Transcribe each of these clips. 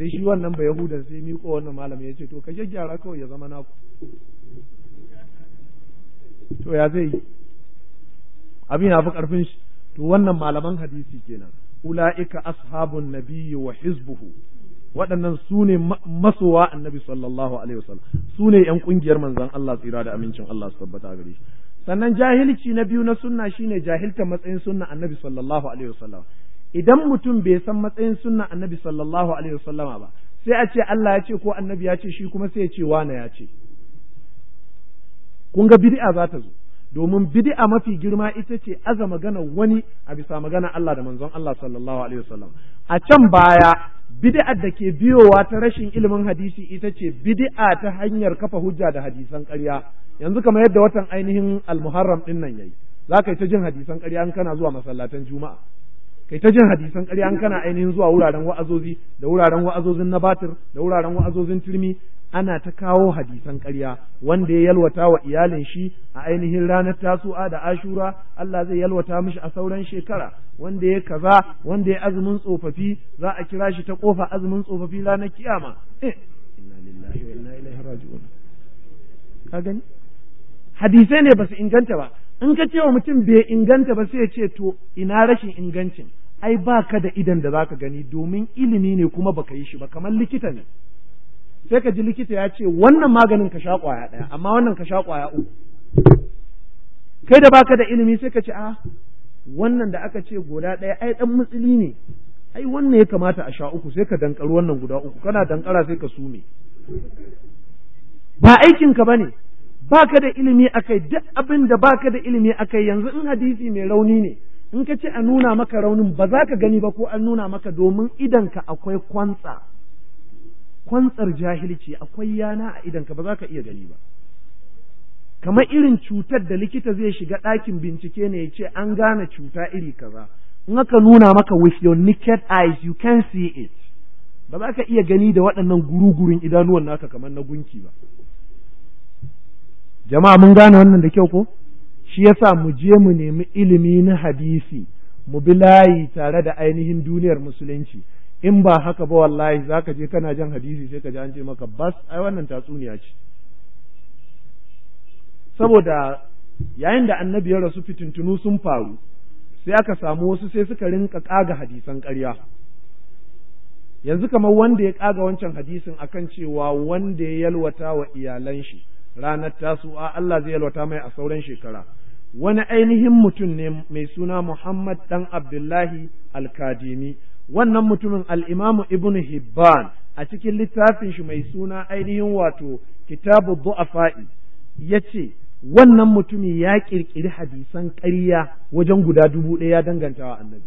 sai shi wannan ba yahuda sai miƙo wannan malam ya ce to ka gyaggyara kawai ya zama naku to ya zai abin ya fi karfin shi to wannan malaman hadisi kenan ula'ika ashabun nabiyyi wa hizbuhu waɗannan su ne masowa annabi sallallahu alaihi wasallam su ne yan ƙungiyar manzon Allah tsira da amincin Allah su tabbata gare shi sannan jahilci na biyu na sunna shine jahilta matsayin sunna annabi sallallahu alaihi wasallam idan mutum bai san matsayin sunnan annabi sallallahu alaihi wasallama ba sai a ce Allah ya ce ko annabi ya ce shi kuma sai ya ce wane ya ce kun ga bid'a za ta zo domin bid'a mafi girma ita ce aza magana wani a bisa magana Allah da manzon Allah sallallahu alaihi wasallam a can baya bid'a da ke biyowa ta rashin ilimin hadisi ita ce bid'a ta hanyar kafa hujja da hadisan ƙarya yanzu kamar yadda watan ainihin al almuharram din nan yayi zaka yi ta jin hadisan ƙarya in kana zuwa masallatan juma'a kai ta jin hadisan ƙarya an kana ainihin zuwa wuraren wa'azozi da wuraren wa'azozin na batir da wuraren wa'azozin turmi ana ta kawo hadisan ƙarya wanda ya yalwata wa iyalin shi a ainihin ranar tasu'a da ashura Allah zai yalwata mishi a sauran shekara wanda ya kaza wanda ya azumin tsofaffi za a kira shi ta kofa azumin tsofaffi ranar kiyama eh, hadisai ne ba su inganta ba in ka ce wa mutum bai inganta ba sai ya ce to ina rashin ingancin ai ba ka da idan da za ka gani domin ilimi ne kuma baka yi shi ba kamar likita ne sai ka ji likita ya ce wannan maganin ka sha kwaya ɗaya amma wannan ka sha kwaya uku kai da baka da ilimi sai ka ce a ah, wannan da aka ce guda ɗaya ai ɗan mutsili ne ai wannan ya kamata a sha uku sai ka dankari wannan guda uku kana dankara sai ka sume ba aikinka ba ne baka da ilimi akai duk abin da baka da ilimi akai yanzu in hadisi mai rauni ne in ka ce a nuna maka raunin ba za ka gani ba ko an nuna maka domin idanka akwai kwantsa kwantsar jahilci akwai yana a idanka ba za ka iya gani ba kamar irin cutar da likita zai shiga ɗakin bincike ne ya ce an gane cuta iri kaza in aka nuna maka with your naked eyes you can see it ba za ka iya gani da waɗannan gurugurun idanuwan naka kamar na gunki ba jama'a mun gane wannan da kyau ko shi yasa mu je mu nemi ilimi na hadisi mu bi layi tare da ainihin duniyar musulunci in ba haka ba wallahi zaka je kana jan hadisi sai ka ji an ce maka bas ai wannan tatsuniya ce saboda yayin da annabi ya rasu fitintunu sun faru sai aka samu wasu sai suka rinka kaga hadisan ƙarya yanzu kamar wanda ya kaga wancan hadisin akan cewa wanda ya yalwata wa iyalan shi ranar tasuwa Allah zai yalwata mai a sauran shekara wani ainihin mutum ne mai suna Muhammad dan Abdullahi Al-Kadimi wannan mutumin al-Imam Ibn Hibban a cikin littafin shi mai suna ainihin wato Kitabu Du'afa'i yace wannan mutumi ya kirkiri hadisan ƙarya wajen guda dubu ɗaya danganta wa annabi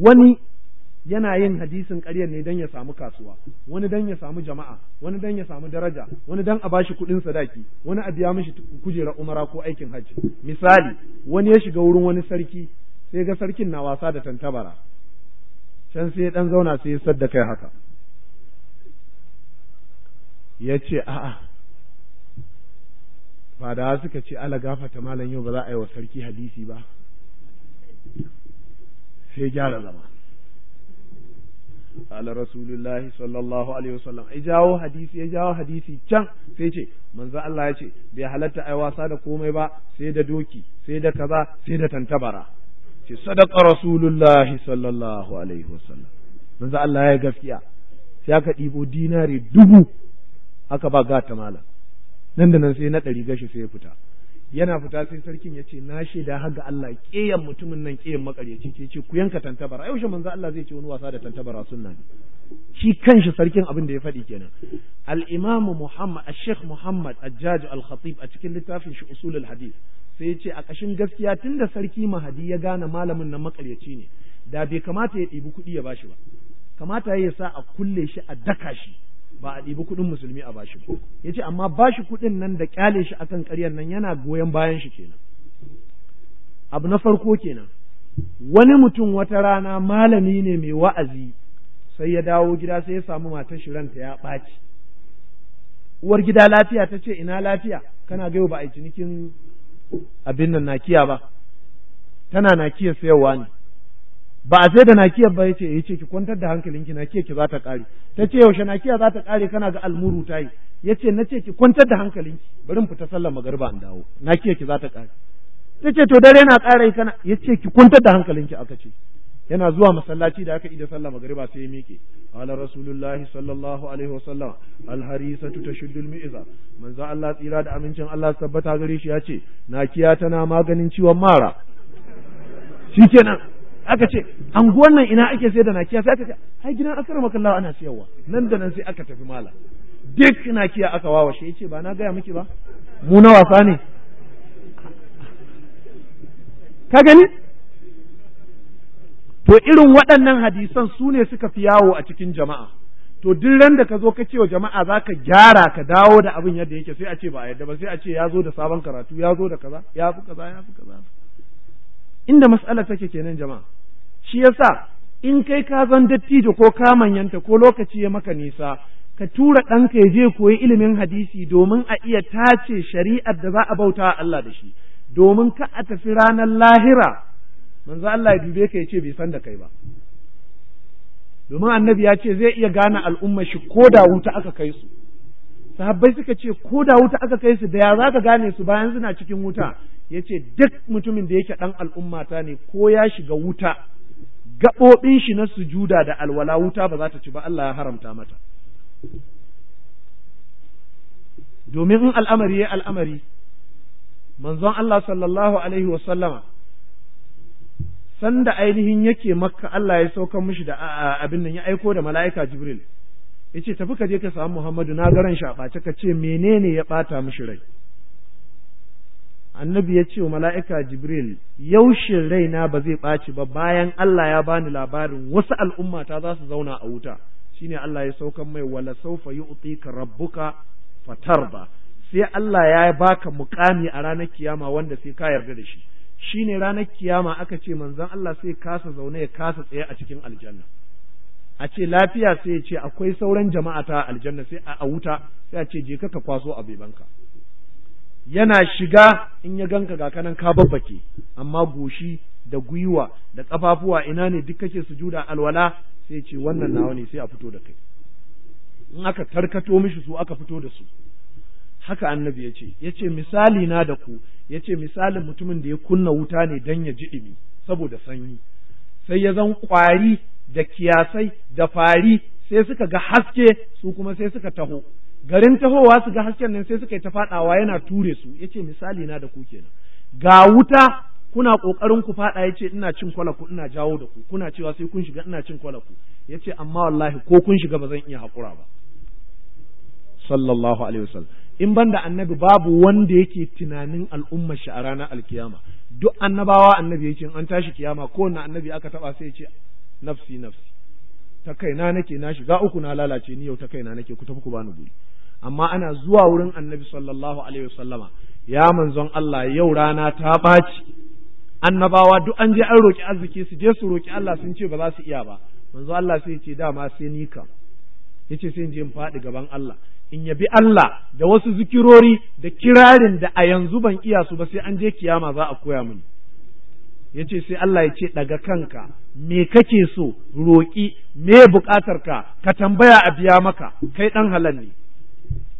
wani yana yin hadisin ƙaryar ne don ya samu kasuwa wani don ya samu jama'a wani don ya samu daraja wani don a ba shi kuɗin sadaki wani a biya mashi kujerar umara ko aikin hajji misali wani ya shiga wurin wani sarki sai ga sarkin na wasa da tantabara can sai ɗan zauna sai ya sadda kai haka ya ce a'a ba da suka ce ala gafata malam yau ba za a wa sarki hadisi ba sai gyara zama ala rasulullahi sallallahu alaihi wasallam ya jawo hadisi ya jawo hadisi can sai ce manzo Allah ya ce bai halatta ai wasa da komai ba sai da doki sai da kaza sai da tantabara ce sadaqa rasulullahi sallallahu alaihi wasallam manzo Allah ya gaskiya sai aka ɗibo dinari dubu aka ba gata malam nan da nan sai na ɗari gashi sai ya fita yana fita sai sarkin ya ce na shaida har ga Allah ƙeyan mutumin nan ƙeyan makaryaci ce ce ku yanka tantabara yaushe manzo Allah zai ce wani wasa da tantabara sunna ne shi kanshi sarkin abin da ya faɗi kenan al-imam Muhammad al-Sheikh Muhammad Ajjaj al-Khatib a cikin littafin shi usulul hadith sai ya ce a ƙashin gaskiya tunda sarki Mahadi ya gane malamin nan makaryaci ne da bai kamata ya ɗibi kuɗi ya bashi ba kamata ya sa a kulle shi a daka shi ba a ɗibi kuɗin musulmi a bashi ba ya ce amma bashi kuɗin nan da ƙyale shi akan ƙaryar nan yana goyon bayan shi kenan abu na farko kenan wani mutum wata rana malami ne mai wa'azi sai ya dawo gida sai ya samu matar shi ranta ya ɓaci uwar gida lafiya ta ce ina lafiya kana ga ba a yi cinikin abin nan nakiya ba tana nakiya sayarwa ne ba a sai da nakiyar ba yace yace eh, ki kwantar da hankalinki nakiyar ki za ta kare ce yaushe nakiya za ta kare kana ga almuru tayi yace nace ki kwantar da hankalinki bari mu fita sallar magariba an dawo nakiyar ki za ta kare tace to dare na kare kana yace ki kwantar da hankalinki aka ce yana zuwa masallaci da aka ida sallar magariba sai ya miƙe ala rasulullahi sallallahu alaihi wasallam alharisatu tashuddul mi'za manzo Allah tsira da amincin Allah tabbata gare shi yace nakiya tana maganin ciwon mara shikenan aka ce anguwan nan ina ake sayar da nakiya sai aka ce ai gidan akrama kallahu ana siyarwa nan da nan sai aka tafi mala duk nakiya aka shi yace ba na gaya miki ba mu na wasa ne ka gani to irin waɗannan hadisan su ne suka fi yawo a cikin jama'a to duk ran da ka zo ka cewa jama'a za ka gyara ka dawo da abin yadda yake sai a ce ba a yadda ba sai a ce ya zo da sabon karatu ya zo da kaza ya fi kaza ya fi kaza inda mas'alar take kenan jama'a shi yasa in kai ka zan dattijo ko ka manyanta ko lokaci ya maka nisa ka tura ɗanka ya je koyi ilimin hadisi domin a iya tace shari'ar da za a bauta Allah da shi domin ka a tafi ranar lahira manzo Allah ya dube ka ya ce bai san da kai ba domin annabi ya ce zai iya gane al'umma shi ko da wuta aka kai su sahabbai suka ce ko da wuta aka kai su da ya za ka gane su bayan suna cikin wuta ya ce duk mutumin da yake ɗan al'ummata ne ko ya shiga wuta gaɓoɓin shi na sujuda da alwala wuta ba za ta ci ba Allah ya haramta mata domin in al'amari ya al'amari manzon Allah sallallahu alaihi wasallama sanda ainihin yake makka Allah ya saukan mushi da abin nan ya aiko da mala'ika Jibril ya ce tafi ka je ka samu Muhammadu na garan shi a ka ce menene ya ɓata mushi rai annabi ya ce wa mala'ika jibril yaushin raina ba zai ɓaci ba bayan Allah ya bani labarin wasu al'umma ta za su zauna a wuta shi ne Allah ya saukan mai wala saufa ka fatar ba sai Allah ya baka mukami a ranar kiyama wanda sai ka yarda da shi shine ranar kiyama aka ce manzon Allah sai kasa zaune ya kasa tsaye a cikin aljanna a ce lafiya sai ya ce akwai sauran jama'a ta aljanna sai a wuta sai a ce je ka kwaso a banka yana shiga in ya ganka ga kanan ka babbake amma goshi da gwiwa da kafafuwa ina ne duk kake sujuda alwala sai ce wannan nawa ne sai a fito da kai in aka tarkato mishi su aka fito da su haka annabi ya ce ya ce misali na da ku ya ce misalin mutumin da ya kunna wuta ne don ya ji ɗumi saboda sanyi sai ya zan ƙwari da kiyasai da fari sai suka ga haske su kuma sai suka taho garin tahowa su ga hasken nan sai suka yi ta fadawa yana ture su yace misali na da ku kenan ga wuta kuna kokarin ku faɗa yace ina cin kwalaku ina jawo da ku kuna cewa sai kun shiga ina cin kwalaku ya ce amma wallahi ko kun shiga ba zan iya hakura ba sallallahu alaihi wasallam in banda annabi babu wanda yake tunanin al'ummar shi a ranar alkiyama duk annabawa annabi yake an tashi kiyama kowane annabi aka taba sai ya ce nafsi nafsi ta kaina nake na shiga uku na lalace ni yau ta kaina nake ku tafi ku bani guri amma ana zuwa wurin annabi sallallahu alaihi wasallama ya manzon Allah yau rana ta ɓaci annabawa duk an je an roki arziki su je su roki Allah sun ce ba za su iya ba manzon Allah sai ce dama sai ni kam yace sai in je in faɗi gaban Allah in yabi Allah da wasu zikirori da kirarin da a yanzu ban iya su ba sai an je kiyama za a koya mini ya ce sai Allah ya ce daga kanka me kake so roƙi me buƙatar ka ka tambaya a biya maka kai ɗan halal ne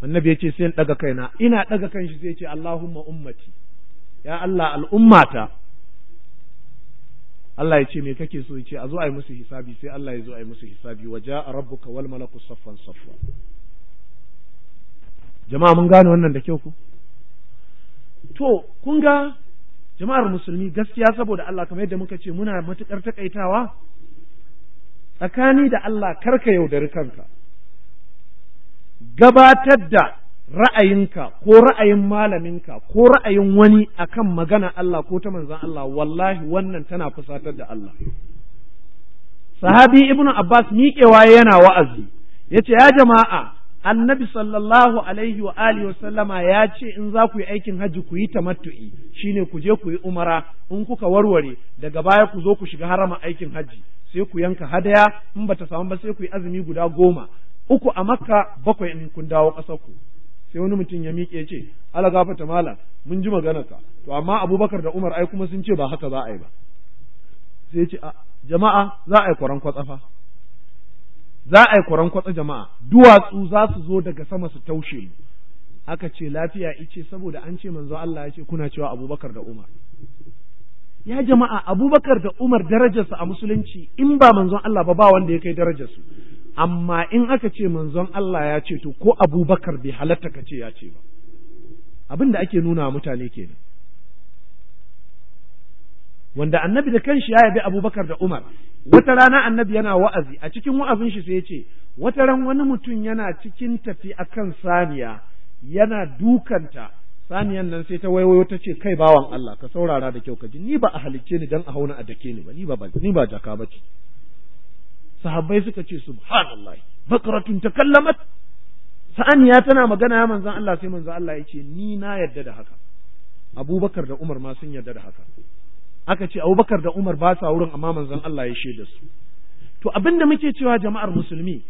annabi ya ce sai daga kaina ina daga kan shi sai ce Allahumma ummati ya Allah al'ummata Allah ya ce me kake so ya ce a zo a yi musu hisabi sai Allah ya zo a yi musu hisabi wa ja'a rabbuka wal malaku saffan saffa jama'a mun gane wannan da kyau ku to kun ga jama'ar musulmi gaskiya saboda Allah kamar yadda muka ce muna matukar takaitawa tsakani da Allah karka yaudari kanka gabatar da ra'ayinka ko ra'ayin malaminka ko ra'ayin wani akan magana Allah ko ta manzan Allah wallahi wannan tana fusatar da Allah sahabi ibnu abbas miƙewa yana wa'azi yace ya jama'a annabi sallallahu alaihi wa alihi wa sallama ya ce in za ku yi aikin hajji ku yi tamattu'i shine ku je ku yi umara in kuka warware daga baya ku zo ku shiga harama aikin hajji sai ku yanka hadaya in bata samu ba sai ku yi azumi guda goma uku a makka bakwai in kun dawo ƙasar ku sai wani mutum ya miƙe ce ala gafata mala mun ji magana ka to amma abubakar da umar ai kuma sun ce ba haka za a yi ba sai ce jama'a za a yi kwaran kwatsafa za a yi kwarankwatsa jama'a duwatsu za su zo daga sama su taushe mu aka ce lafiya ice saboda an ce manzo Allah ya ce kuna cewa abubakar da umar ya jama'a abubakar da umar darajarsu a musulunci in ba manzon Allah ba ba wanda ya kai darajarsu amma in aka ce manzon Allah ya ce to ko abubakar bai halatta ka ce ya ce ba abin da ake nuna mutane kenan wanda annabi da kanshi ya yabi abubakar da umar wata rana annabi yana wa'azi a cikin wa'azin shi sai ya ce wata ran wani mutum yana cikin tafi akan saniya yana dukanta saniyan nan sai ta waiwayo ta ce kai bawan Allah ka saurara da kyau ka ji ni ba a halicce ni dan a hauna a dake ni ba ni ba ni ba jaka sahabbai suka ce subhanallahi bakratun takallamat saniya tana magana ya manzon Allah sai manzon Allah ya ce ni na yarda da haka Abubakar da Umar ma sun yarda da haka aka ce Abubakar da Umar ba sa wurin amma manzon Allah ya shaida su to abin da muke cewa jama'ar musulmi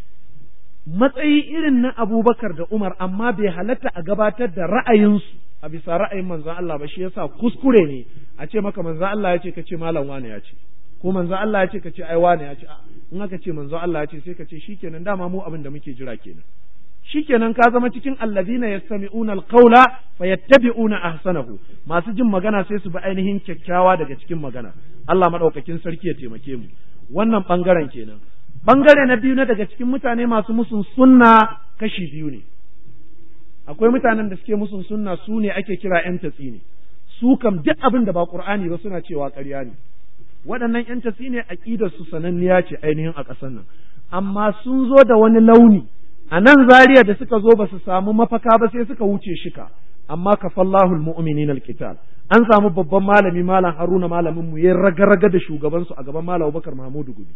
matsayi irin na Abubakar da Umar amma bai halatta a gabatar da ra'ayinsu a bisa ra'ayin manzon Allah ba shi yasa kuskure ne a ce maka manzon Allah ya ce kace malam wane ya ce ko manzon Allah ya ce kace ai wane ya ce in aka ce manzon Allah ya ce sai ka ce shikenan dama mu abin da muke jira kenan shikenan ka zama cikin allazina yastami'una alqawla fayattabi'una ahsanahu masu jin magana sai su bi ainihin kyakkyawa daga cikin magana Allah madaukakin sarki ya taimake mu wannan bangaren kenan bangare na biyu na daga cikin mutane masu musun sunna kashi biyu ne akwai mutanen da suke musun sunna su ne ake kira yan tatsi ne su kam duk abin da ba qur'ani ba suna cewa ƙarya ne waɗannan yan tatsi ne aqidar su sananniya ce ainihin a ƙasar nan amma sun zo da wani launi a nan zariya da suka zo ba su samu mafaka ba sai suka wuce shika amma kafallahu almu'minina alqital an samu babban malami malam Haruna malamin mu ya raga-raga da shugabansu su a gaban malam Abubakar Mahmudu Gumi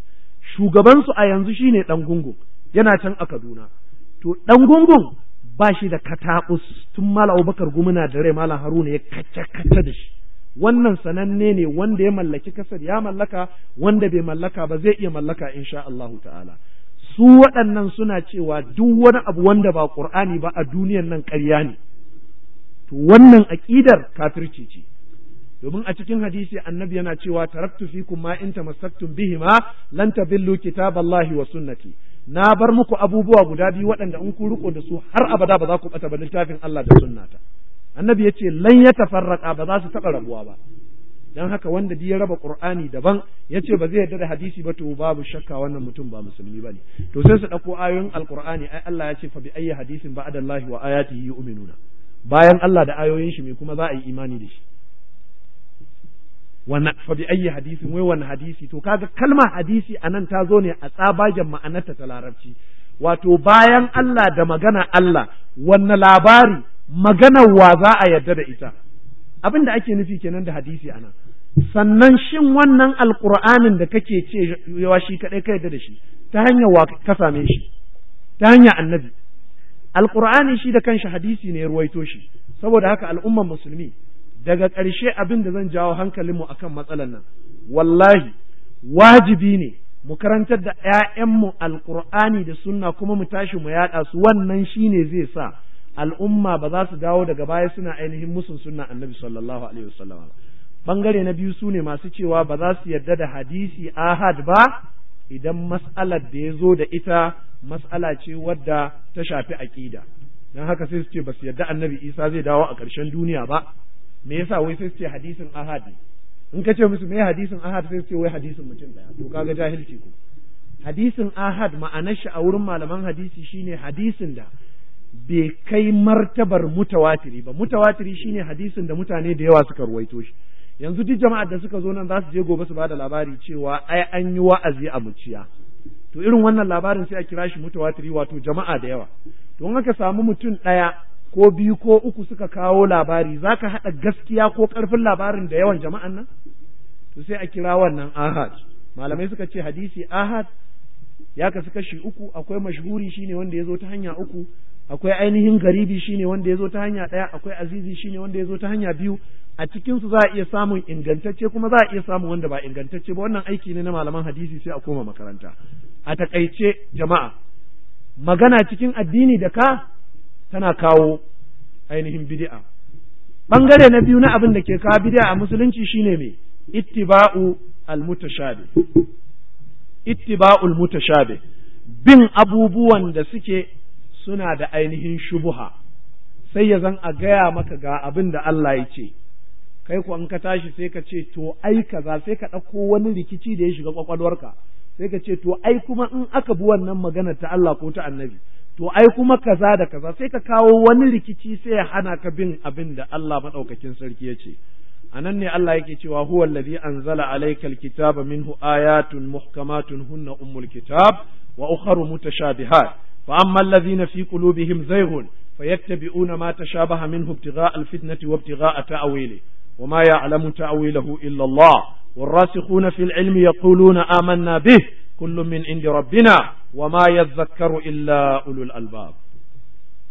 Shugabansu a yanzu shine dan gungun yana can a Kaduna to dan gungun ba shi da katabus tun malam Abubakar Gumi na da rai malam Haruna ya kacce-kacce da shi wannan sananne ne wanda ya mallaki kasar ya mallaka wanda bai mallaka ba zai iya mallaka insha Allahu ta'ala su waɗannan suna cewa duk wani abu wanda ba ƙur'ani ba a duniyan nan ƙarya ne to wannan aƙidar kafirci ce domin a cikin hadisi annabi yana cewa taraktu fikum ma in tamassaktum bihi ma lan tabillu kitaballahi wa sunnati na bar muku abubuwa guda biyu waɗanda in ku riko da su har abada ba za ku bata ba littafin Allah da sunnata annabi yace lan yatafarraqa ba za su taɓa rabuwa ba dan haka wanda duk ya raba qur'ani daban yace ba zai yarda da hadisi ba to babu shakka wannan mutum ba musulmi bane to sai su dauko ayoyin alqur'ani ai Allah ya ce fa bi ayyi hadisin ba'da Allah wa ayatihi yu'minuna bayan Allah da ayoyin shi me kuma za a yi imani da shi Wana fa bi ayyi hadisin wai wannan hadisi to kaga kalmar hadisi anan ta zo ne a tsabagen ma'anarta ta larabci wato bayan Allah da magana Allah wannan labari maganar wa za a yarda da ita abin da ake nufi kenan da hadisi ana sannan shin wannan alkur'anin da kake ce yawa shi kaɗai ka yadda da shi ta hanyar wa ka same shi ta hanyar annabi alkur'ani shi da kanshi hadisi ne ya ruwaito shi saboda haka al'umman musulmi daga ƙarshe abin da zan jawo hankalinmu akan matsalan nan wallahi wajibi ne mu karantar da ‘ya'yanmu alkur'ani da sunna kuma mu tashi mu yaɗa su wannan shi ne zai sa al'umma ba za su dawo daga baya suna ainihin musun sunna annabi sallallahu alaihi wasallam bangare na biyu sune masu cewa ba za su yarda da hadisi ahad ba idan mas'alar da ya zo da ita mas'ala ce wadda ta shafi aqida dan haka sai su ce ba su yarda annabi isa zai dawo a ƙarshen duniya ba me yasa wai sai su ce hadisin ahad ne in ka ce musu me hadisin ahad sai su ce wai hadisin mutum daya to kaga jahilci ko hadisin ahad ma'anar shi a wurin malaman hadisi shine hadisin da bai kai martabar mutawatiri ba mutawatiri shine hadisin da mutane da yawa suka ruwaito shi yanzu duk jama'ar da suka zo nan za su je gobe su bada labari cewa ai an yi wa'azi a muciya to irin wannan labarin sai a kira shi mutawatiri wato jama'a da yawa to in aka samu mutum ɗaya ko biyu ko uku suka kawo labari za ka haɗa gaskiya ko ƙarfin labarin da yawan jama'an nan to sai a kira wannan ahad malamai suka ce hadisi ahad ya kasu kashi uku akwai mashhuri shine wanda ya zo ta hanya uku akwai ainihin garibi shine wanda ya zo ta hanya ɗaya akwai azizi shine wanda ya zo ta hanya biyu a cikinsu za a iya samun ingantacce kuma za a iya samun wanda ba ingantacce ba wannan aiki ne na malaman hadisi sai a koma makaranta a takaice jama'a magana cikin addini da ka tana kawo ainihin bidi'a. bangare na biyu na abin da ke kawo bidi'a a musulunci shine me ittiba'u almutashabi ittiba'ul mutashabi bin abubuwan da suke suna da ainihin shubuha sai ya zan a gaya maka ga abin da Allah ya ce kai ku an ka tashi sai ka ce to ai kaza sai ka ɗauko wani rikici da ya shiga kwakwalwarka sai ka ce to ai kuma in aka bi wannan maganar ta Allah ko ta annabi to ai kuma kaza da kaza sai ka kawo wani rikici sai ya hana ka bin abin da Allah madaukakin sarki ya ce anan ne Allah yake cewa huwa allazi anzala alayka alkitaba minhu ayatun muhkamatun hunna ummul kitab wa ukharu mutashabihat wa amma allazina fi qulubihim zayghun fayattabi'una ma tashabaha minhu ibtigha'a alfitnati wa ibtigha'a ta'wili wa ma ya'lamu ta'wilahu illa Allah والراسخون في العلم يقولون آمنا به كل من عند ربنا وما يذكر إلا أولو الألباب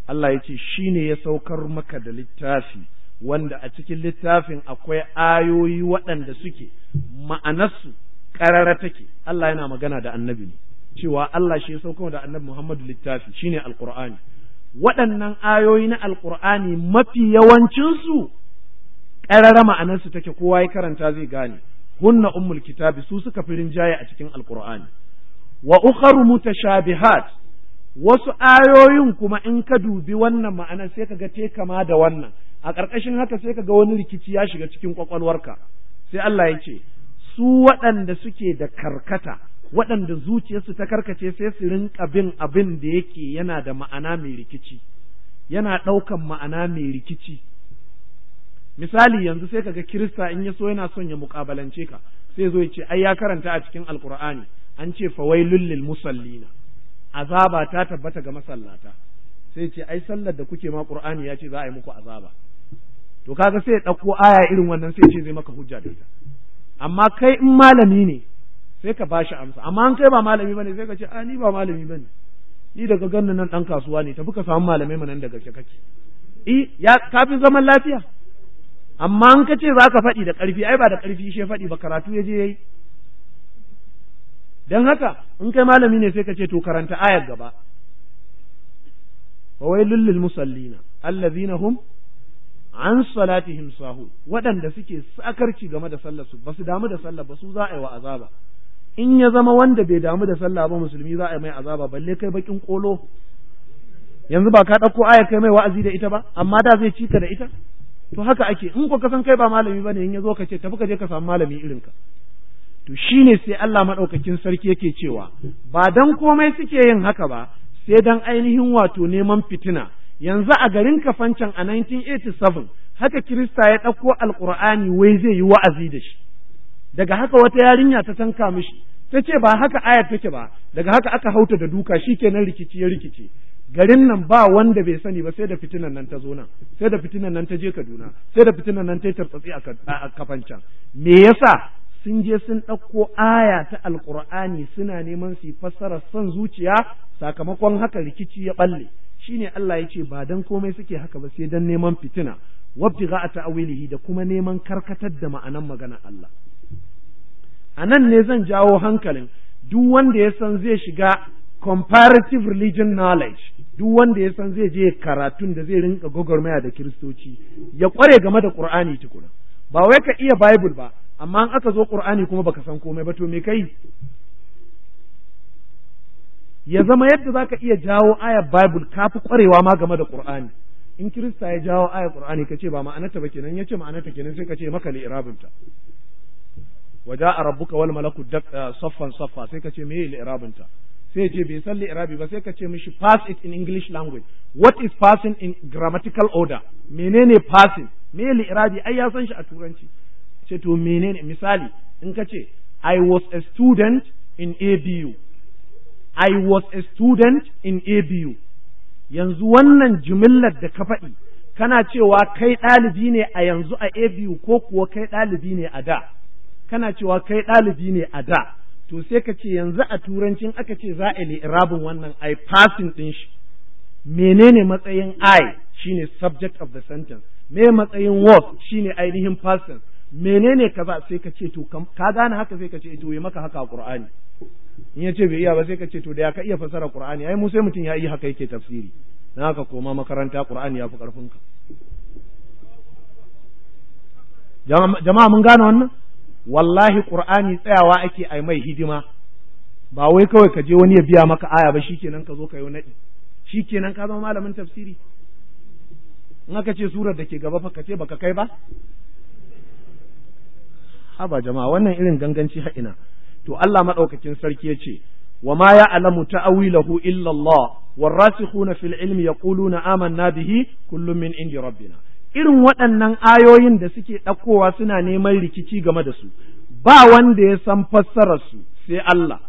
الله يتي شيني يسوكر da littafi wanda a cikin littafin akwai ayoyi waɗanda suke ma'anarsu ƙarara take Allah yana magana da annabi cewa Allah shi ya sauka da annabi Muhammadu littafi shine alqur'ani waɗannan ayoyi na alqur'ani mafi yawancinsu ƙarara ma'anarsu take kowa ya karanta zai gane hunna ummul kitabi su suka fi rinjaye a cikin alqur'ani wa ukharu mutashabihat wasu ayoyin kuma in ka dubi wannan ma'ana sai ka ga te kama da wannan a ƙarƙashin haka sai ka ga wani rikici ya shiga cikin ƙwaƙwalwarka sai Allah ya ce su waɗanda suke da karkata waɗanda zuciyarsu ta karkace sai su rinka bin abin da yake yana da ma'ana mai rikici yana ɗaukan ma'ana mai rikici misali yanzu sai kaga kirista in ya so yana son ya muƙabalance ka sai zo ya ce ai ya karanta a cikin alkur'ani an ce fawailul lil musallina azaba ta tabbata ga masallata sai ce ai sallar da kuke ma ƙur'ani ya ce za a yi muku azaba to kaga sai ya ɗauko aya irin wannan sai ce zai maka hujja da ita amma kai in malami ne sai ka bashi amsa amma an kai ba malami bane sai ka ce a ni ba malami bane ni daga ganin nan dan kasuwa ne tafi ka samu malamai manan daga ke kake i ya kafin zaman lafiya amma an ka ce za ka faɗi da ƙarfi ai ba da ƙarfi shi faɗi ba karatu ya je yayi dan haka in kai malami ne sai ka ce to karanta ayar gaba wa wailul lil musallina alladhina hum an salatihim sahu waɗanda suke sakarci game da sallar su basu damu da sallar ba su za a yi wa azaba in ya zama wanda bai damu da sallah ba musulmi za a yi mai azaba balle kai bakin kolo yanzu ba ka ɗauko aya kai mai wa'azi da ita ba amma da zai cika da ita to haka ake in ko ka san kai ba malami ba ne in ya zo ka ce tafi ka je ka samu malami irin ka to shine sai Allah madaukakin sarki yake cewa ba dan komai suke yin haka ba sai dan ainihin wato neman fitina yanzu a garin kafancan a 1987 haka Kirista ya ɗauko alqur'ani wai zai yi wa'azi da shi daga haka wata yarinya ta tanka mishi ta ce ba haka ayar take ba daga haka aka hauta da duka shi nan rikici ya rikici garin nan ba wanda bai sani ba sai da fitinan nan ta zo nan sai da fitinan nan ta je Kaduna sai da fitinan nan ta yi tartsatsi a kafancan me yasa sun je sun ɗauko aya ta alƙur'ani suna neman su fassara son zuciya sakamakon haka rikici ya ɓalle Shi ne Allah ya ce ba dan komai suke haka ba sai dan neman fitina wabtiga a ta'awilihi da kuma neman karkatar da ma'anan maganar Allah a nan ne zan jawo hankalin duk wanda ya san zai shiga comparative religion knowledge duk wanda ya san zai je karatun da zai rinka gwagwarmaya da kiristoci ya kware game da qur'ani tukuna ba wai ka iya bible ba amma in aka zo qur'ani kuma baka san komai ba to me kai ya zama yadda zaka iya jawo ayar bible kafi kwarewa ma game da qur'ani in kirista ya jawo ayar qur'ani kace ba ma'anarta ba kenan yace ma'anarta kenan sai kace maka lirabinta. waja a rabuka wal malaku saffan saffa sai ka ce me li'irabin sai ce bai san li'irabi ba sai ka ce mishi pass it in english language what is passing in grammatical order menene passing me li'irabi ai ya san shi a turanci ce to menene misali in ka ce i was a student in abu i was a student in abu yanzu wannan jimillar da ka faɗi kana cewa kai ɗalibi ne a yanzu a abu ko kuwa kai ɗalibi ne a da kana cewa kai ɗalibi ne a da to sai ka ce yanzu a turancin aka ce za a irabin wannan ai passing ɗin shi menene matsayin i shine subject of the sentence me matsayin was shine ainihin person menene kaza sai ka ce to ka gane haka sai ka ce to yi maka haka a Ƙur'ani. in yace bai iya ba sai ka ce to da ya ka iya fasara qur'ani ai mu sai mutum ya yi haka yake tafsiri na haka koma makaranta qur'ani ya fi karfin ka jama'a mun gane wannan wallahi qur'ani tsayawa ake ai mai hidima ba wai kawai ka je wani ya biya maka aya ba shikenan ka zo ka yi nadi shikenan ka zama malamin tafsiri in aka ce surar da ke gaba fa ka ce baka kai ba haba jama'a wannan irin ganganci ina to Allah madaukakin sarki ya ce wa ma alamu ta'awilahu illa Allah والراسخون في العلم يقولون آمنا bihi كل من عند ربنا irin waɗannan ayoyin da suke ɗakowa suna neman rikici game da su ba wanda ya san su sai Allah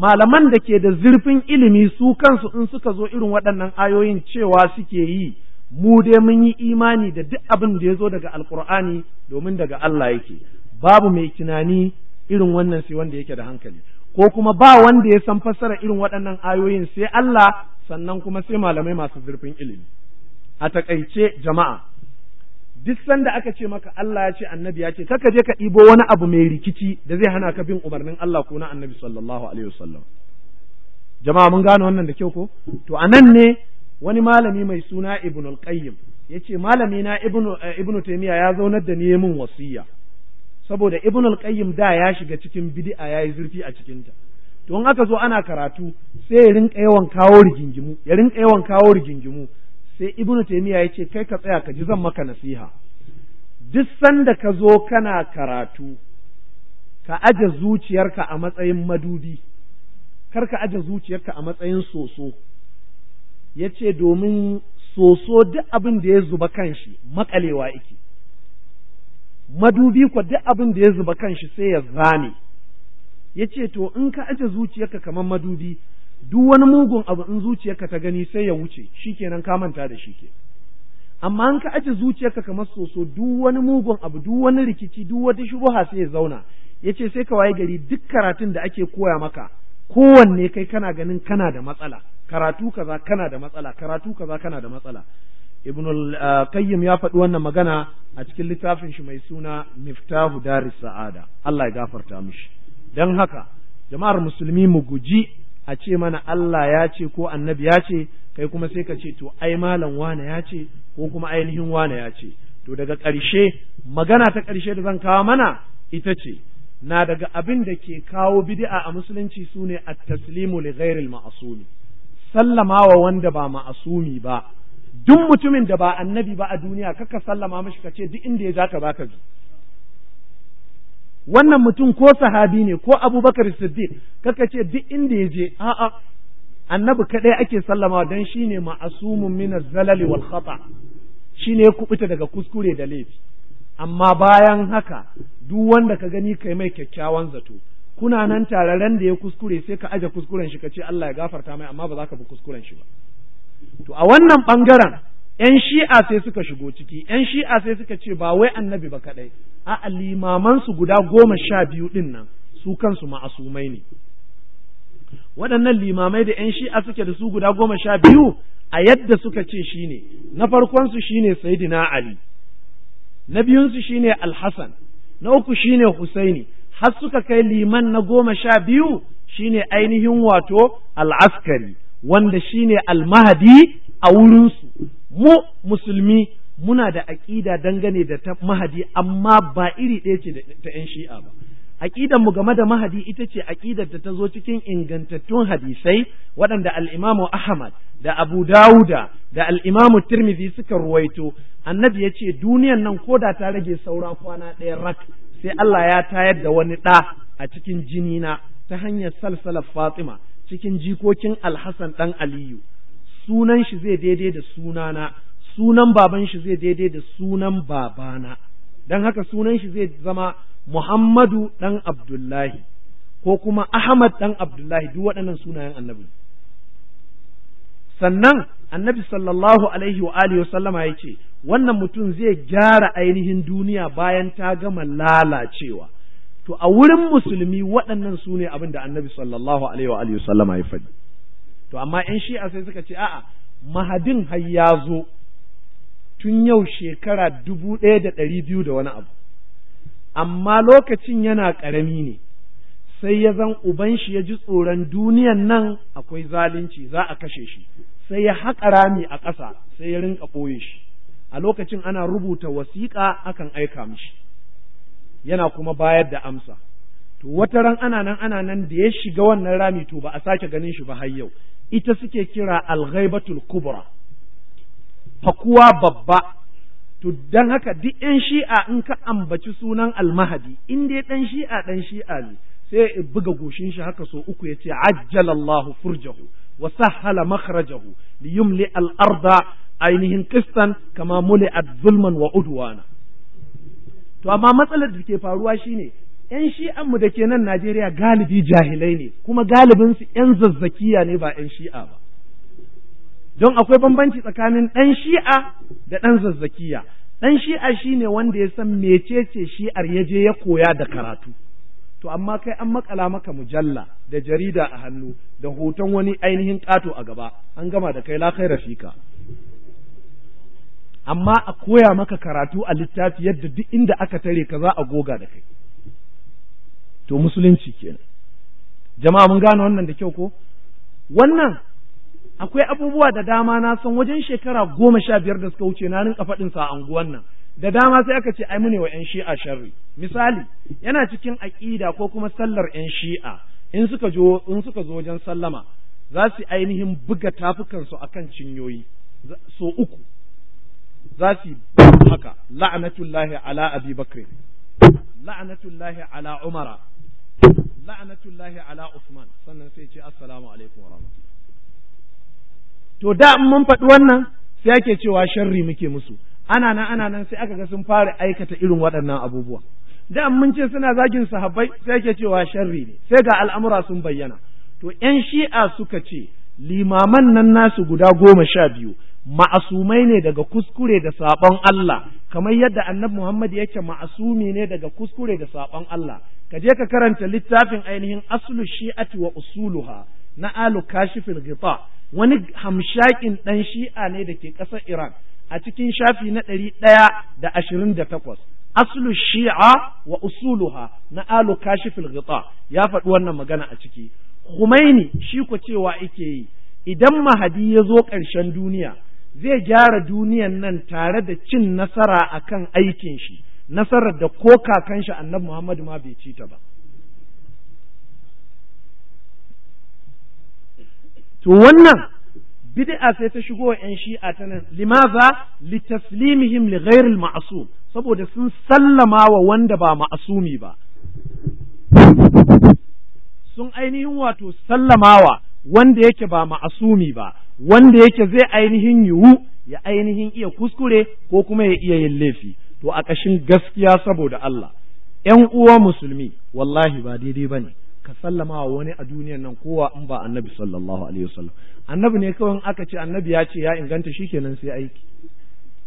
malaman da ke da zurfin ilimi su kansu in suka zo irin waɗannan ayoyin cewa suke yi mu dai mun yi imani da duk abin da ya zo daga alkur'ani domin daga Allah yake babu mai tunani irin wannan sai wanda yake da hankali ko kuma ba wanda ya san fassara irin waɗannan ayoyin sai Allah sannan kuma sai malamai masu zurfin ilimi a takaice jama'a duk sanda aka ce maka Allah ya ce annabi ya ce kaka je ka ɗibo wani abu mai rikici da zai hana ka bin umarnin Allah ko na annabi sallallahu alaihi wasallam jama'a mun gano wannan da kyau ko to a nan ne wani malami mai suna ibnul qayyim yace malami na ibnu eh, ibnu ya zaunar da ni min wasiya saboda ibnul qayyim da ya shiga cikin bid'a yayi zurfi a cikinta. to in aka zo ana karatu sai ya rinka yawan kawo rigingimu ya rinka yawan kawo rigingimu sai ibnu ya yace kai ka tsaya ka ji zan maka nasiha duk sanda ka zo kana karatu ka aje zuciyarka a matsayin madubi kar ka aje zuciyarka a matsayin soso yace domin soso duk abin da ya zuba kanshi makalewa yake madubi ko duk abin da ya zuba kanshi sai ya zane yace to in ka aje zuciyarka kamar madubi duk wani mugun abu in zuciyarka ta gani sai ya wuce shikenan ka manta da shi ke amma in ka aje zuciyarka kamar soso duk wani mugun abu duk wani rikici duk wata shubuha sai ya zauna ya ce sai ka waye gari duk karatun da ake koya maka kowanne kai kana ganin kana da matsala karatu kaza kana da matsala karatu kaza kana da matsala ibn eh, qayyim ya faɗi wannan magana a cikin littafin shi mai suna miftahu daris sa'ada Allah ya gafarta mishi dan haka jama'ar musulmi mu guji a ce mana Allah ya ce ko annabi ya ce kai kuma sai ka ce to ai malam wane ya ce ko kuma ainihin wane ya ce to daga ƙarshe magana ta ƙarshe da zan kawo mana ita ce na daga abin da ke kawo bid'a a musulunci sune at-taslimu li ghairil ma'sumi sallama wa wanda ba ma'asumi ba duk mutumin da ba annabi ba a duniya kaka sallama mashi kace duk inda ya zaka zaka bi wannan mutum ko sahabi ne ko abubakar siddiq kaka ce duk inda ya je a'a annabi kaɗai ake sallama don shi ne ma'asumun minar zalali wal khata shi ne ya kubuta daga kuskure da laifi amma bayan haka duk wanda ka gani kai mai kyakkyawan zato kuna nan tararen da ya kuskure sai ka aje kuskuren shi ka ce Allah ya gafarta mai amma ba za ka bi kuskuren shi ba to a wannan bangaren 'yan shi'a sai suka shigo ciki 'yan shi'a sai suka ce ba wai annabi ba kaɗai a limamansu guda goma sha biyu ɗin nan su kansu ma'asumai ne waɗannan limamai da 'yan shi'a suke da su guda goma sha biyu a yadda suka ce shi ne na farkonsu shine saidina ali na biyunsu ne alhassan na uku shi ne husaini har suka kai liman na goma sha biyu shi ne ainihin wato al'askari wanda shi shine almahadi a wurinsu mu musulmi muna da aƙida dangane da ta mahadi amma ba iri ɗaya ce ta 'yan shi'a ba aƙidar mu game da mahadi ita ce aƙidar da ta zo cikin ingantattun hadisai waɗanda Al'imamu Ahmad da Abu Dawuda da Al'imamu imam Tirmidhi suka ruwaito annabi ya ce duniyan nan ko da ta rage saura kwana ɗaya rak sai Allah ya tayar da wani ɗa a cikin jinina ta hanyar salsalar Fatima cikin jikokin Alhassan ɗan Aliyu sunan shi zai daidai da sunana sunan baban shi zai daidai da sunan babana don haka sunan shi zai zama Muhammadu ɗan Abdullahi ko kuma Ahmad ɗan Abdullahi duk waɗannan sunayen annabi sannan annabi sallallahu alaihi wa alihi sallama ya ce wannan mutum zai gyara ainihin duniya bayan ta gama lalacewa to a wurin musulmi waɗannan sune ne abin da annabi sallallahu alaihi wa alihi sallama ya faɗi to amma yan shi'a sai suka ce a'a mahadin har ya zo tun yau shekara dubu ɗaya da ɗari biyu da wani abu amma lokacin yana ƙarami ne sai ya zan uban shi ya ji tsoron duniyan nan akwai zalunci za a kashe shi sai ya haƙa rami a ƙasa sai ya rinka ɓoye shi a lokacin ana rubuta wasiƙa akan aika mishi yana kuma bayar da amsa to wata ran ana nan ana nan da ya shiga wannan rami to ba a sake ganin shi ba har yau ita suke kira alghaibatul kubra fakuwa babba to dan haka duk ɗan shi'a in ka ambaci sunan almahadi in dai ɗan shi'a ɗan shi'a ne sai buga goshin shi haka so uku yace ajjalallahu furjahu wa sahhala makhrajahu li yumli al-arda ainihin qistan kama muli zulman wa udwana to amma matsalar da ke faruwa shine ‘yan shi'an mu da ke nan Najeriya galibi jahilai ne, kuma galibinsu ‘yan zazzakiya ne ba ‘yan shi'a ba. Don akwai bambanci tsakanin ɗan shi'a da ɗan zazzakiya. Ɗan shi'a shi ne wanda ya san mecece shi'ar ya je ya koya da karatu. To, amma kai an makala maka mujalla da jarida a hannu da hoton wani ainihin ƙato a gaba, an gama da kai la kai rafika. Amma a koya maka karatu a littafi yadda duk inda aka tare ka za a goga da kai. to musulunci kenan jama'a mun gane wannan da kyau ko wannan akwai abubuwa da dama na san wajen shekara goma sha biyar da suka wuce na rinka faɗin sa anguwan nan da dama sai aka ce ai mune wa 'yan shi'a sharri misali yana cikin aƙida ko kuma sallar 'yan shi'a in suka zo in suka zo wajen sallama za su ainihin buga tafukansu akan cinyoyi so uku za su haka la'anatullahi ala abi la'anatullahi ala umara la'anatullahi ala Usman sannan sai ce assalamu alaikum wa to da mun faɗi wannan sai ake cewa sharri muke musu ana nan ana nan sai aka ga sun fara aikata irin waɗannan abubuwa da mun ce suna zagin sahabbai sai ake cewa sharri ne sai ga al'amura sun bayyana to 'yan shi'a suka ce limaman nan nasu guda goma sha biyu ma'asumai ne daga kuskure da saɓon Allah kamar yadda annabi Muhammad ce ma'asumi ne daga kuskure da saɓon Allah ka je ka karanta littafin ainihin aslu shi'ati wa usuluha na alu kashifil ghita wani hamshakin ɗan shi'a ne da ke ƙasar Iran a cikin shafi na ɗari ɗaya da ashirin da takwas aslu shi'a wa usuluha na alu Kashifin ghita ya faɗi wannan magana a ciki Khumaini shi ku cewa yake yi idan mahadi ya zo ƙarshen duniya zai gyara duniyan nan tare da cin nasara a kan aikin shi nasarar da ko kakan shi annabi Muhammadu ma bai ci ta ba to wannan bid'a sai ta shigo wa 'yan shi'a ta nan limaza li taslimihim li ghairil ma'asum saboda sun sallama wa wanda ba ma'asumi ba sun ainihin wato sallamawa wanda yake ba ma'asumi ba wanda yake zai ainihin yiwu ya ainihin iya kuskure ko kuma ya iya yin laifi to a ƙashin gaskiya saboda Allah ƴan uwa musulmi wallahi ba daidai ba ne ka sallama wa wani a duniyar nan kowa in ba annabi sallallahu alaihi wasallam annabi ne kawai aka ce annabi ya ce ya inganta shi kenan sai aiki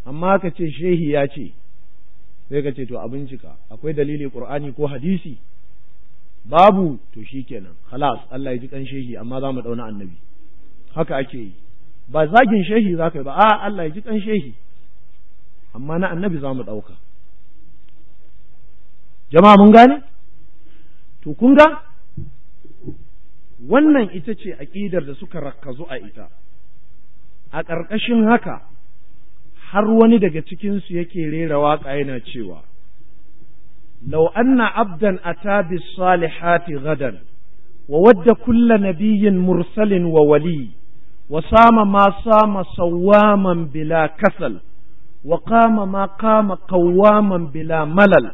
amma aka ce shehi ya ce sai ka ce to abincika cika akwai dalili qur'ani ko hadisi babu to shi kenan khalas Allah ya ji kan shehi amma za mu dauna annabi haka ake yi ba zagin shehi za ka yi ba a Allah ya ji kan shehi amma na annabi za mu ɗauka jama'a mun gane to kun ga wannan ita ce aƙidar da suka rakkazu a ita a ƙarƙashin haka har wani daga cikinsu yake rera waƙa yana cewa لو أن عبدا أتى بالصالحات غدا وود كل نبي مرسل وولي وصام ما صام صواما بلا كسل وقام ما قام قواما بلا ملل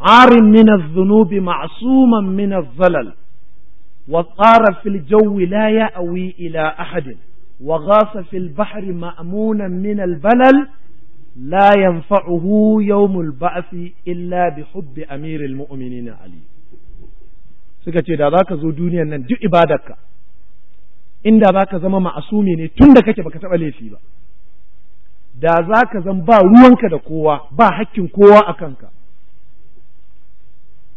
عار من الذنوب معصوما من الظلل وطار في الجو لا يأوي إلى أحد وغاص في البحر مأمونا من البلل لا ينفعه يوم البعث إلا بحب أمير المؤمنين علي سكتي دا ذاك زو دنيا نن دي inda za ka zama ma'asumi ne tun da kake baka taɓa laifi ba da za ka zan ba ruwanka da kowa ba hakkin kowa a kanka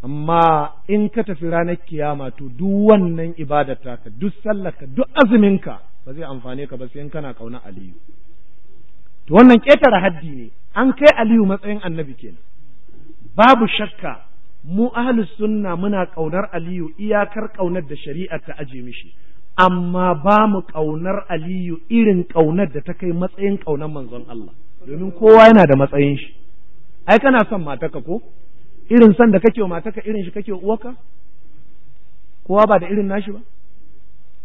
amma in ka tafi ranar kiyama to duk wannan ibadata ka duk ka duk azuminka ba zai amfane ka ba sai in kana kauna aliyu to wannan ƙetare haddi ne an kai aliyu matsayin annabi kenan babu shakka mu ahlus sunna muna ƙaunar aliyu iyakar ƙaunar da shari'ar ta aje mishi amma ba mu ƙaunar aliyu irin ƙaunar da ta kai matsayin ƙaunar manzon Allah domin kowa yana da matsayin shi ai kana son mataka ko irin son da kake wa mataka irin shi kake uwaka kowa ba da irin nashi ba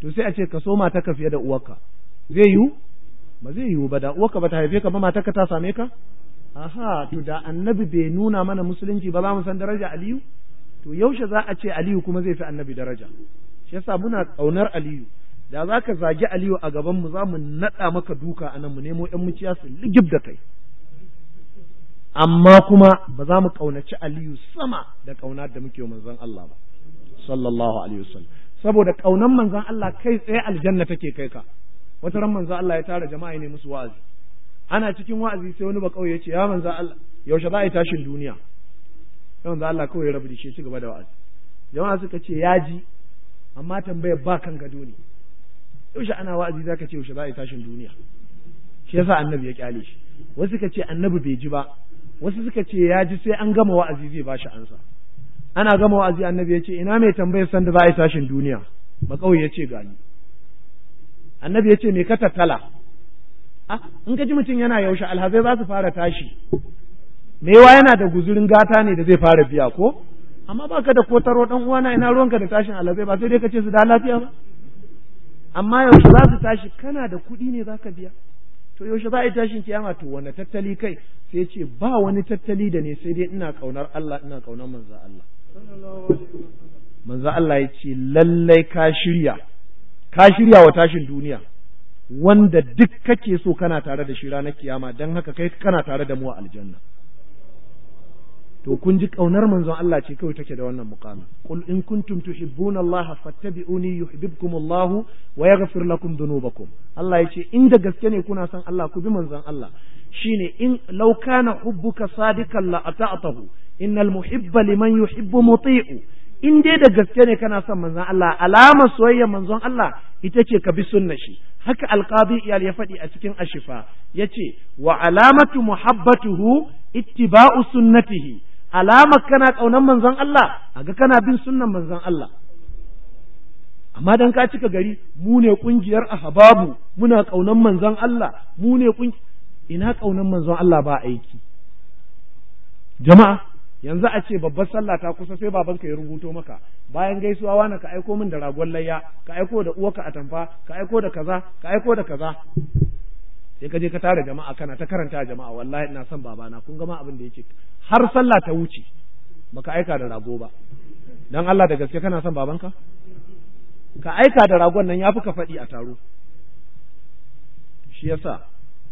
to sai a ce ka so mataka fiye da uwaka zai yiwu ba zai yiwu ba da uwaka ba ta haife ka ba mataka ta same ka aha to da annabi bai nuna mana musulunci ba ba mu san daraja aliyu to yaushe za a ce aliyu kuma zai fi annabi daraja shi yasa muna ƙaunar aliyu da za ka zagi aliyu a gaban mu za mu naɗa maka duka a nan mu nemo ‘yan muciya su ligib da kai amma kuma ba za mu ƙaunaci aliyu sama da ƙaunar da muke manzon Allah ba sallallahu alaihi wasallam saboda ƙaunar manzon Allah kai tsaye aljanna take kai ka wata ran manzon Allah ya tara jama'a ne musu wa'azi ana cikin wa'azi sai wani ba ya ce ya manzon Allah yaushe za a yi tashin duniya sai manzon Allah kawai ya rabu da shi ci gaba da wa'azi jama'a suka ce ya ji amma tambayar ba kan gado ne yaushe ana wa'azi zaka ce yaushe za a yi tashin duniya shi yasa annabi ya kyale shi wasu suka ce annabi bai ji ba wasu suka ce ya ji sai an gama wa'azi zai ba shi ansa ana gama wa'azi annabi ya ce ina mai tambayar sanda za a yi tashin duniya ba kawai ya ce gani annabi ya ce me ka tattala a ah, in ka ji mutum yana yaushe alhazai za su fara tashi mewa yana da guzurin gata ne da zai fara biya ko amma baka da kotaro dan uwana ina ruwanka da tashin alazai ba sai dai ka ce su da lafiya ba amma yaushe za su tashi kana da kuɗi ne za ka biya to yaushe za a yi tashin kiyama to wanda tattali kai sai ce ba wani tattali da ne sai dai ina ƙaunar Allah ina ƙaunar manzo Allah manzo Allah ya ce lallai ka shirya ka shirya wa tashin duniya wanda duk kake so kana tare da shi ranar kiyama don haka kai kana tare da mu a aljanna to kun ji kaunar manzon Allah ce kawai take da wannan muqamin qul in kuntum tuhibbuna Allah fattabi'uni yuhibbukum Allah wa yaghfir lakum dhunubakum Allah yace in da gaske ne kuna son Allah ku bi manzon Allah shine in law kana hubbuka sadikan la ata'tahu innal muhibba liman yuhibbu muti'u in dai da gaske ne kana son manzon Allah alamar soyayya manzon Allah ita ce ka bi sunna shi haka alqadi iyal ya faɗi a cikin ashifa yace wa alamatu muhabbatuhu ittiba'u sunnatihi alamar kana ƙaunar manzon Allah a ga kana bin sunnan manzon Allah amma dan ka cika gari mu ne ƙungiyar ahababu muna ƙaunar manzon Allah mu ne ina ƙaunar manzon Allah ba aiki jama'a yanzu a ce babbar sallah ta kusa sai babanka ya rubuto maka bayan gaisuwa wani ka aiko min da ragon layya ka aiko da uwarka atamfa ka aiko da kaza ka aiko da kaza sai ka je ka tara jama'a kana ta karanta jama'a wallahi ina son babana kun gama abin da yake har sallah ta wuce baka aika da rago ba dan Allah da gaske kana son babanka ka aika da ragon nan yafi ka faɗi a taro shi yasa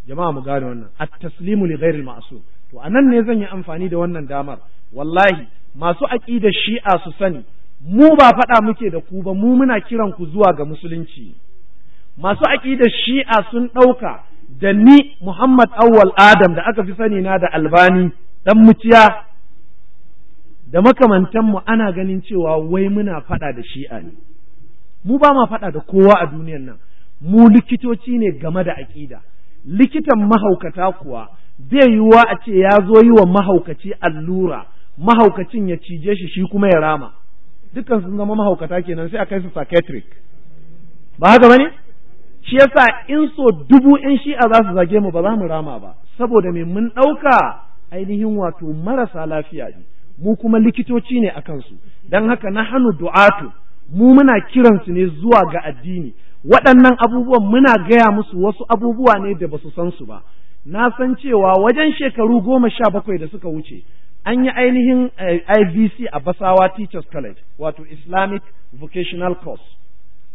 jama'a mu gane wannan at-taslimu li ghairil ma'sum to anan ne zan yi amfani da wannan damar wallahi masu aqidar shi'a su sani mu ba faɗa muke da ku ba mu muna kiran ku zuwa ga musulunci masu aqidar shi'a sun ɗauka da ni Muhammad Awwal Adam da aka fi sani na da albani dan muciya da makamantanmu ana ganin cewa wai muna faɗa da shi'a ne mu ba ma faɗa da kowa a duniyan nan mu likitoci ne game da aƙida likitan mahaukata kuwa zai yiwuwa a ce ya zo yi wa mahaukaci allura mahaukacin ya cije shi shi kuma ya rama dukkan sun zama mahaukata kenan sai a kai su psychiatric ba haka bane shi yasa in so dubu in shi'a za su zage mu ba za mu rama ba saboda me mun ɗauka ainihin wato marasa lafiya ne mu kuma likitoci ne a kansu don haka na hannu du'atu mu muna kiransu ne zuwa ga addini waɗannan abubuwan muna gaya musu wasu abubuwa ne da ba su san su ba na san cewa wajen shekaru goma sha bakwai da suka wuce an yi ainihin eh, IVC a Basawa Teachers College wato Islamic Vocational Course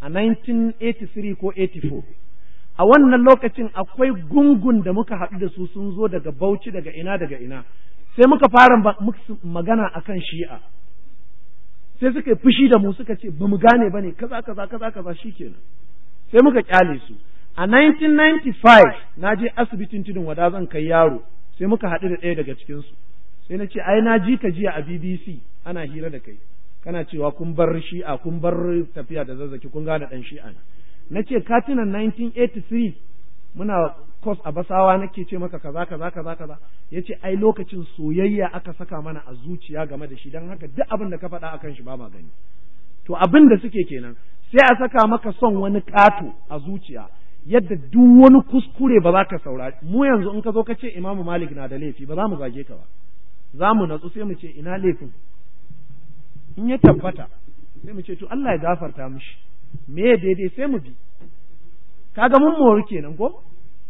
a 1983 ko 84 a wannan lokacin akwai gungun da muka haɗu da su sun zo daga bauchi daga ina daga ina sai muka fara magana akan shi'a sai suka yi fushi da mu suka ce ba mu gane ba ne kaza kaza kaza kaza shi kenan. sai muka kyale su a 1995 na je asibitin tudun wada zan kai yaro sai muka haɗu da ɗaya daga cikinsu sai na ce ai na ji ka jiya a BBC ana hira da kai kana cewa kun bar shi'a kun bar tafiya da zazzaki kun gane dan shi'a ne na ce 1983 muna kos a basawa nake ce maka kaza kaza kaza kaza ya ce ai lokacin soyayya aka saka mana a zuciya game da shi don haka duk abin da ka faɗa akan shi ba ma gani to abin da suke kenan sai a saka maka son wani ƙato a zuciya yadda duk wani kuskure ba za ka saurari mu yanzu in ka zo ka ce imamu malik na da laifi ba za mu zage ka ba za mu natsu sai mu ce ina laifin in ya tabbata sai mu ce to Allah ya gafarta mishi me ya daidai sai mu bi kaga mun mori kenan ko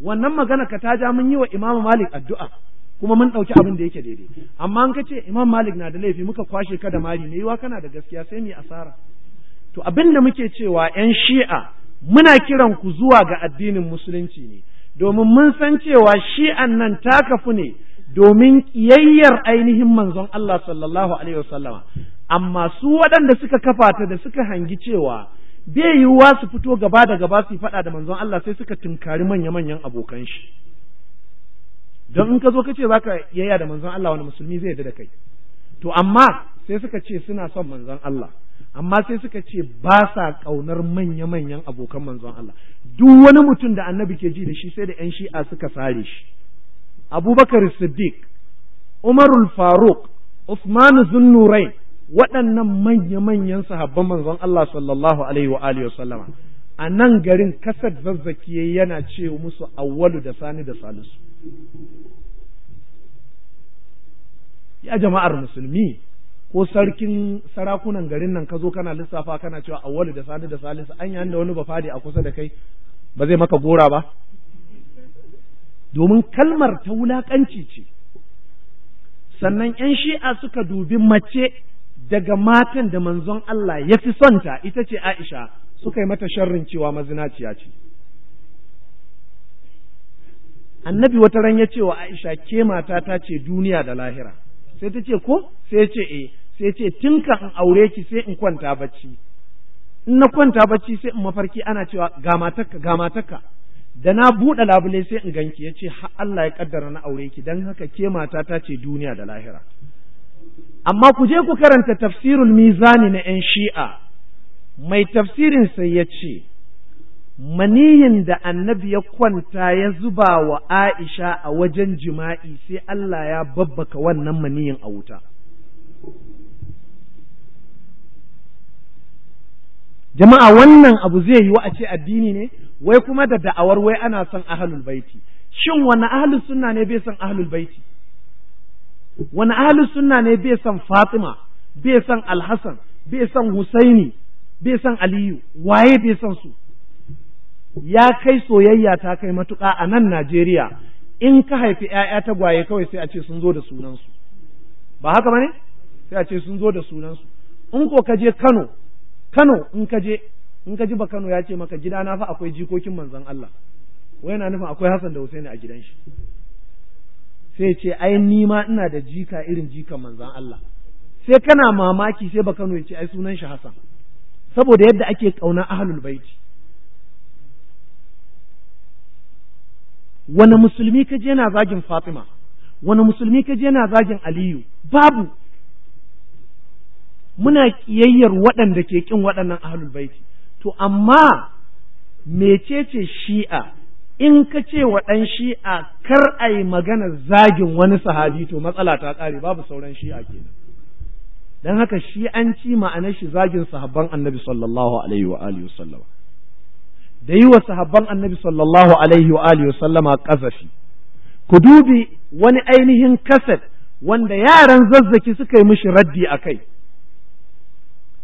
wannan magana ka ta ja mun yi wa Imam Malik addu'a kuma mun ɗauki abin da yake daidai amma an ka ce Imam Malik na da laifi muka kwashe ka da mari me yiwa kana da gaskiya sai mu yi asara to abin da muke cewa ‘yan shi'a muna kiran ku zuwa ga addinin musulunci ne, domin mun san cewa shi'an nan ta kafu ne domin ƙiyayyar ainihin manzon Allah sallallahu Alaihi wasallama, amma su waɗanda suka kafa ta da suka hangi cewa bai yiwuwa su fito gaba da gaba su faɗa da manzon Allah sai suka tunkari manya-manyan abokan shi don in ka zo ka ce za ka yaya da manzon Allah wani musulmi zai yarda da kai to amma sai suka ce suna son manzon Allah amma sai suka ce ba sa ƙaunar manya-manyan abokan manzon Allah duk wani mutum da annabi ke ji da shi sai da ‘yan shi'a suka sare shi abubakar siddiq umarul faruk usmanu zunnurain waɗannan manya-manyan sahabban manzon Allah sallallahu alaihi wa alihi sallama a nan garin kasar zazzaki yana ce musu awwalu da sani da salisu ya jama'ar musulmi ko sarkin sarakunan garin nan ka zo kana lissafa kana cewa awwalu da sani da salisu an yi da wani ba fadi a kusa da kai ba zai maka gora ba domin kalmar ta wulaƙanci ce sannan ‘yan shi'a suka dubi mace daga matan da manzon Allah ya fi sonta ita ce Aisha suka yi mata sharrin cewa mazinaciya ce. Annabi wata ran ya ce wa Aisha ke mata ta ce duniya da lahira, sai ta ce ko sai ce e, sai ce tun in aure ki sai in kwanta bacci. In na kwanta bacci sai in mafarki ana cewa ga matakka ga matakka. Da na buɗe labule sai in ganki ya ce Allah ya kaddara na aure ki don haka ke mata ta ce duniya da lahira. amma ku je ku karanta tafsirul mizani na 'yan shi'a mai tafsirin sai ya ce maniyin da annabi ya kwanta ya zuba wa aisha a wajen jima'i sai Allah ya babbaka wannan maniyin a wuta jama'a wannan abu zai yiwu a ce addini ne wai kuma da da'awar wai ana son ahalul baiti shin wani ahalul sunna ne bai son ahalul baiti wani ahli sunna ne bai san fatima bai san alhassan bai san husaini bai san aliyu waye bai san su ya kai soyayya ta kai matuƙa a nan najeriya in ka haifi ‘ya'ya ta gwaye kawai sai a ce sun zo da sunansu ba haka ba ne sai a ce sun zo da sunansu in ko ka je kano kano in ka je in ka ji ba kano ya ce maka gida na fa akwai jikokin manzon Allah wai na nufin akwai Hassan da Husaini a gidan shi sai ce ai ni ma ina da jika irin jikan manzan Allah sai kana mamaki sai ba Kano ya ce ai sunan shi Hassan saboda yadda ake kauna ahlul baiti wani musulmi ka je yana zagin Fatima wani musulmi ka je yana zagin Aliyu babu muna kiyayyar waɗanda ke kin waɗannan ahlul baiti to amma mecece shi'a in ka ce wa ɗan shi'a kar a yi maganar zagin wani sahabi to matsala ta ƙare babu sauran shi'a kenan don haka shi'anci ma'anar shi zagin sahabban annabi sallallahu alaihi wa alihi sallama da yi wa sahabban annabi sallallahu alaihi wa alihi sallama ƙazafi ku dubi wani ainihin kaset wanda yaran zazzaki suka yi mishi raddi a kai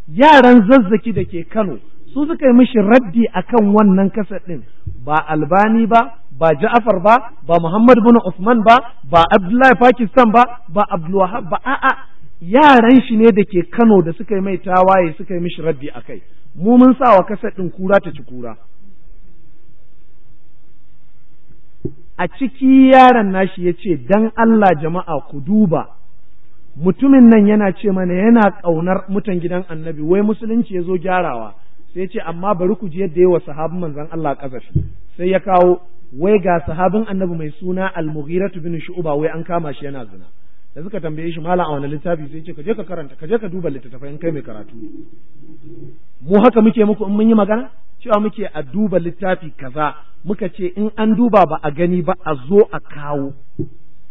yaran zazzaki da ke Kano su suka yi mishi raddi akan wannan kasar ɗin ba albani ba ba ja'afar ba ba muhammad bin usman ba ba abdullahi pakistan ba ba abdulwahab ba a'a yaran shi ne da ke kano da suka yi mai tawaye suka yi mishi raddi a kai mu mun sa wa kasar ɗin kura ta ci kura a ciki yaron nashi ya ce dan allah jama'a ku duba mutumin nan yana ce mana yana ƙaunar mutan gidan annabi wai musulunci ya zo gyarawa sai ce amma bari ku ji yadda yawa sahabin manzon Allah kazafi sai ya kawo wai ga sahabin annabi mai suna al-mughiratu bin shu'ba wai an kama shi yana zina da suka tambaye shi malam a wani littafi sai ce ka je ka karanta ka je ka duba littattafai in kai mai karatu mu haka muke muku in mun yi magana cewa muke a duba littafi kaza muka ce in an duba ba a gani ba a zo a kawo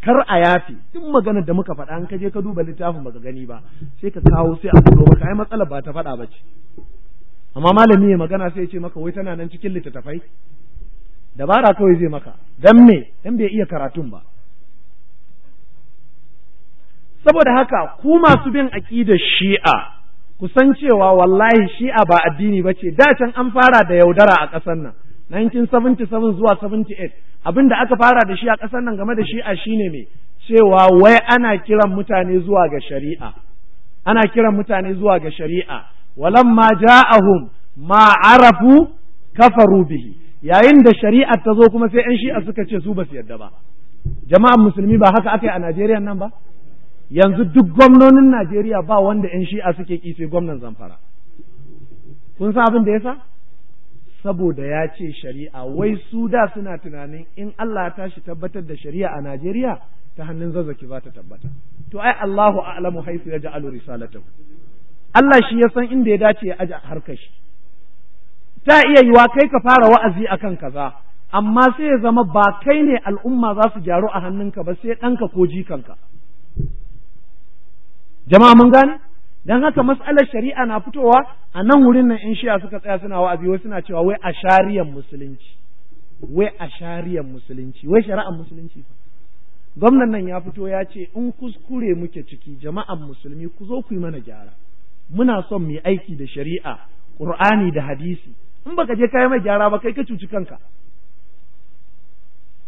kar a yafe duk maganar da muka faɗa an ka je ka duba littafin baka gani ba sai ka kawo sai a ba ka ai matsala ba ta faɗa ba ce amma malami ya magana sai ya ce maka wai tana nan cikin littattafai dabara kawai zai maka dan me dan bai iya karatun ba saboda haka ku masu bin aqidar shi'a ku san cewa wallahi shi'a ba addini ba ce da can an fara da yaudara a ƙasar nan 1977 zuwa 78 abin da aka fara da shi a ƙasar nan game da shi'a shine me cewa wai ana kiran mutane zuwa ga shari'a ana kiran mutane zuwa ga shari'a ولما جاءهم ما عرفوا كفروا به yayin da shari'a ta zo kuma sai yan shi'a suka ce su ba su yadda ba jama'an musulmi ba haka aka yi a Najeriya nan ba yanzu duk gwamnonin Najeriya ba wanda yan shi'a suke ki sai gwamnan Zamfara kun san abin da yasa saboda ya ce shari'a wai su da suna tunanin in Allah ya tashi tabbatar da shari'a a Najeriya ta hannun zazzaki za ta tabbata to ai Allahu a'lamu haisu ya ja'alu risalatahu Allah shi ya san inda ya dace ya aje harkar shi ta iya yiwa kai ka fara wa'azi a kan kaza amma sai ya zama ba kai ne al'umma za su gyaru a hannunka ba sai ɗanka ko jikanka jama'a mun gane don haka mas'alar shari'a na fitowa a nan wurin nan in shiya suka tsaya suna wa'azi wai suna cewa wai a shari'ar musulunci wai a shari'ar musulunci wai shari'ar musulunci gwamnan nan ya fito ya ce in kuskure muke ciki jama'an musulmi ku zo ku yi mana gyara muna son mu aiki da shari'a ƙur'ani, da hadisi in baka je kai mai gyara ba kai ka cuci kanka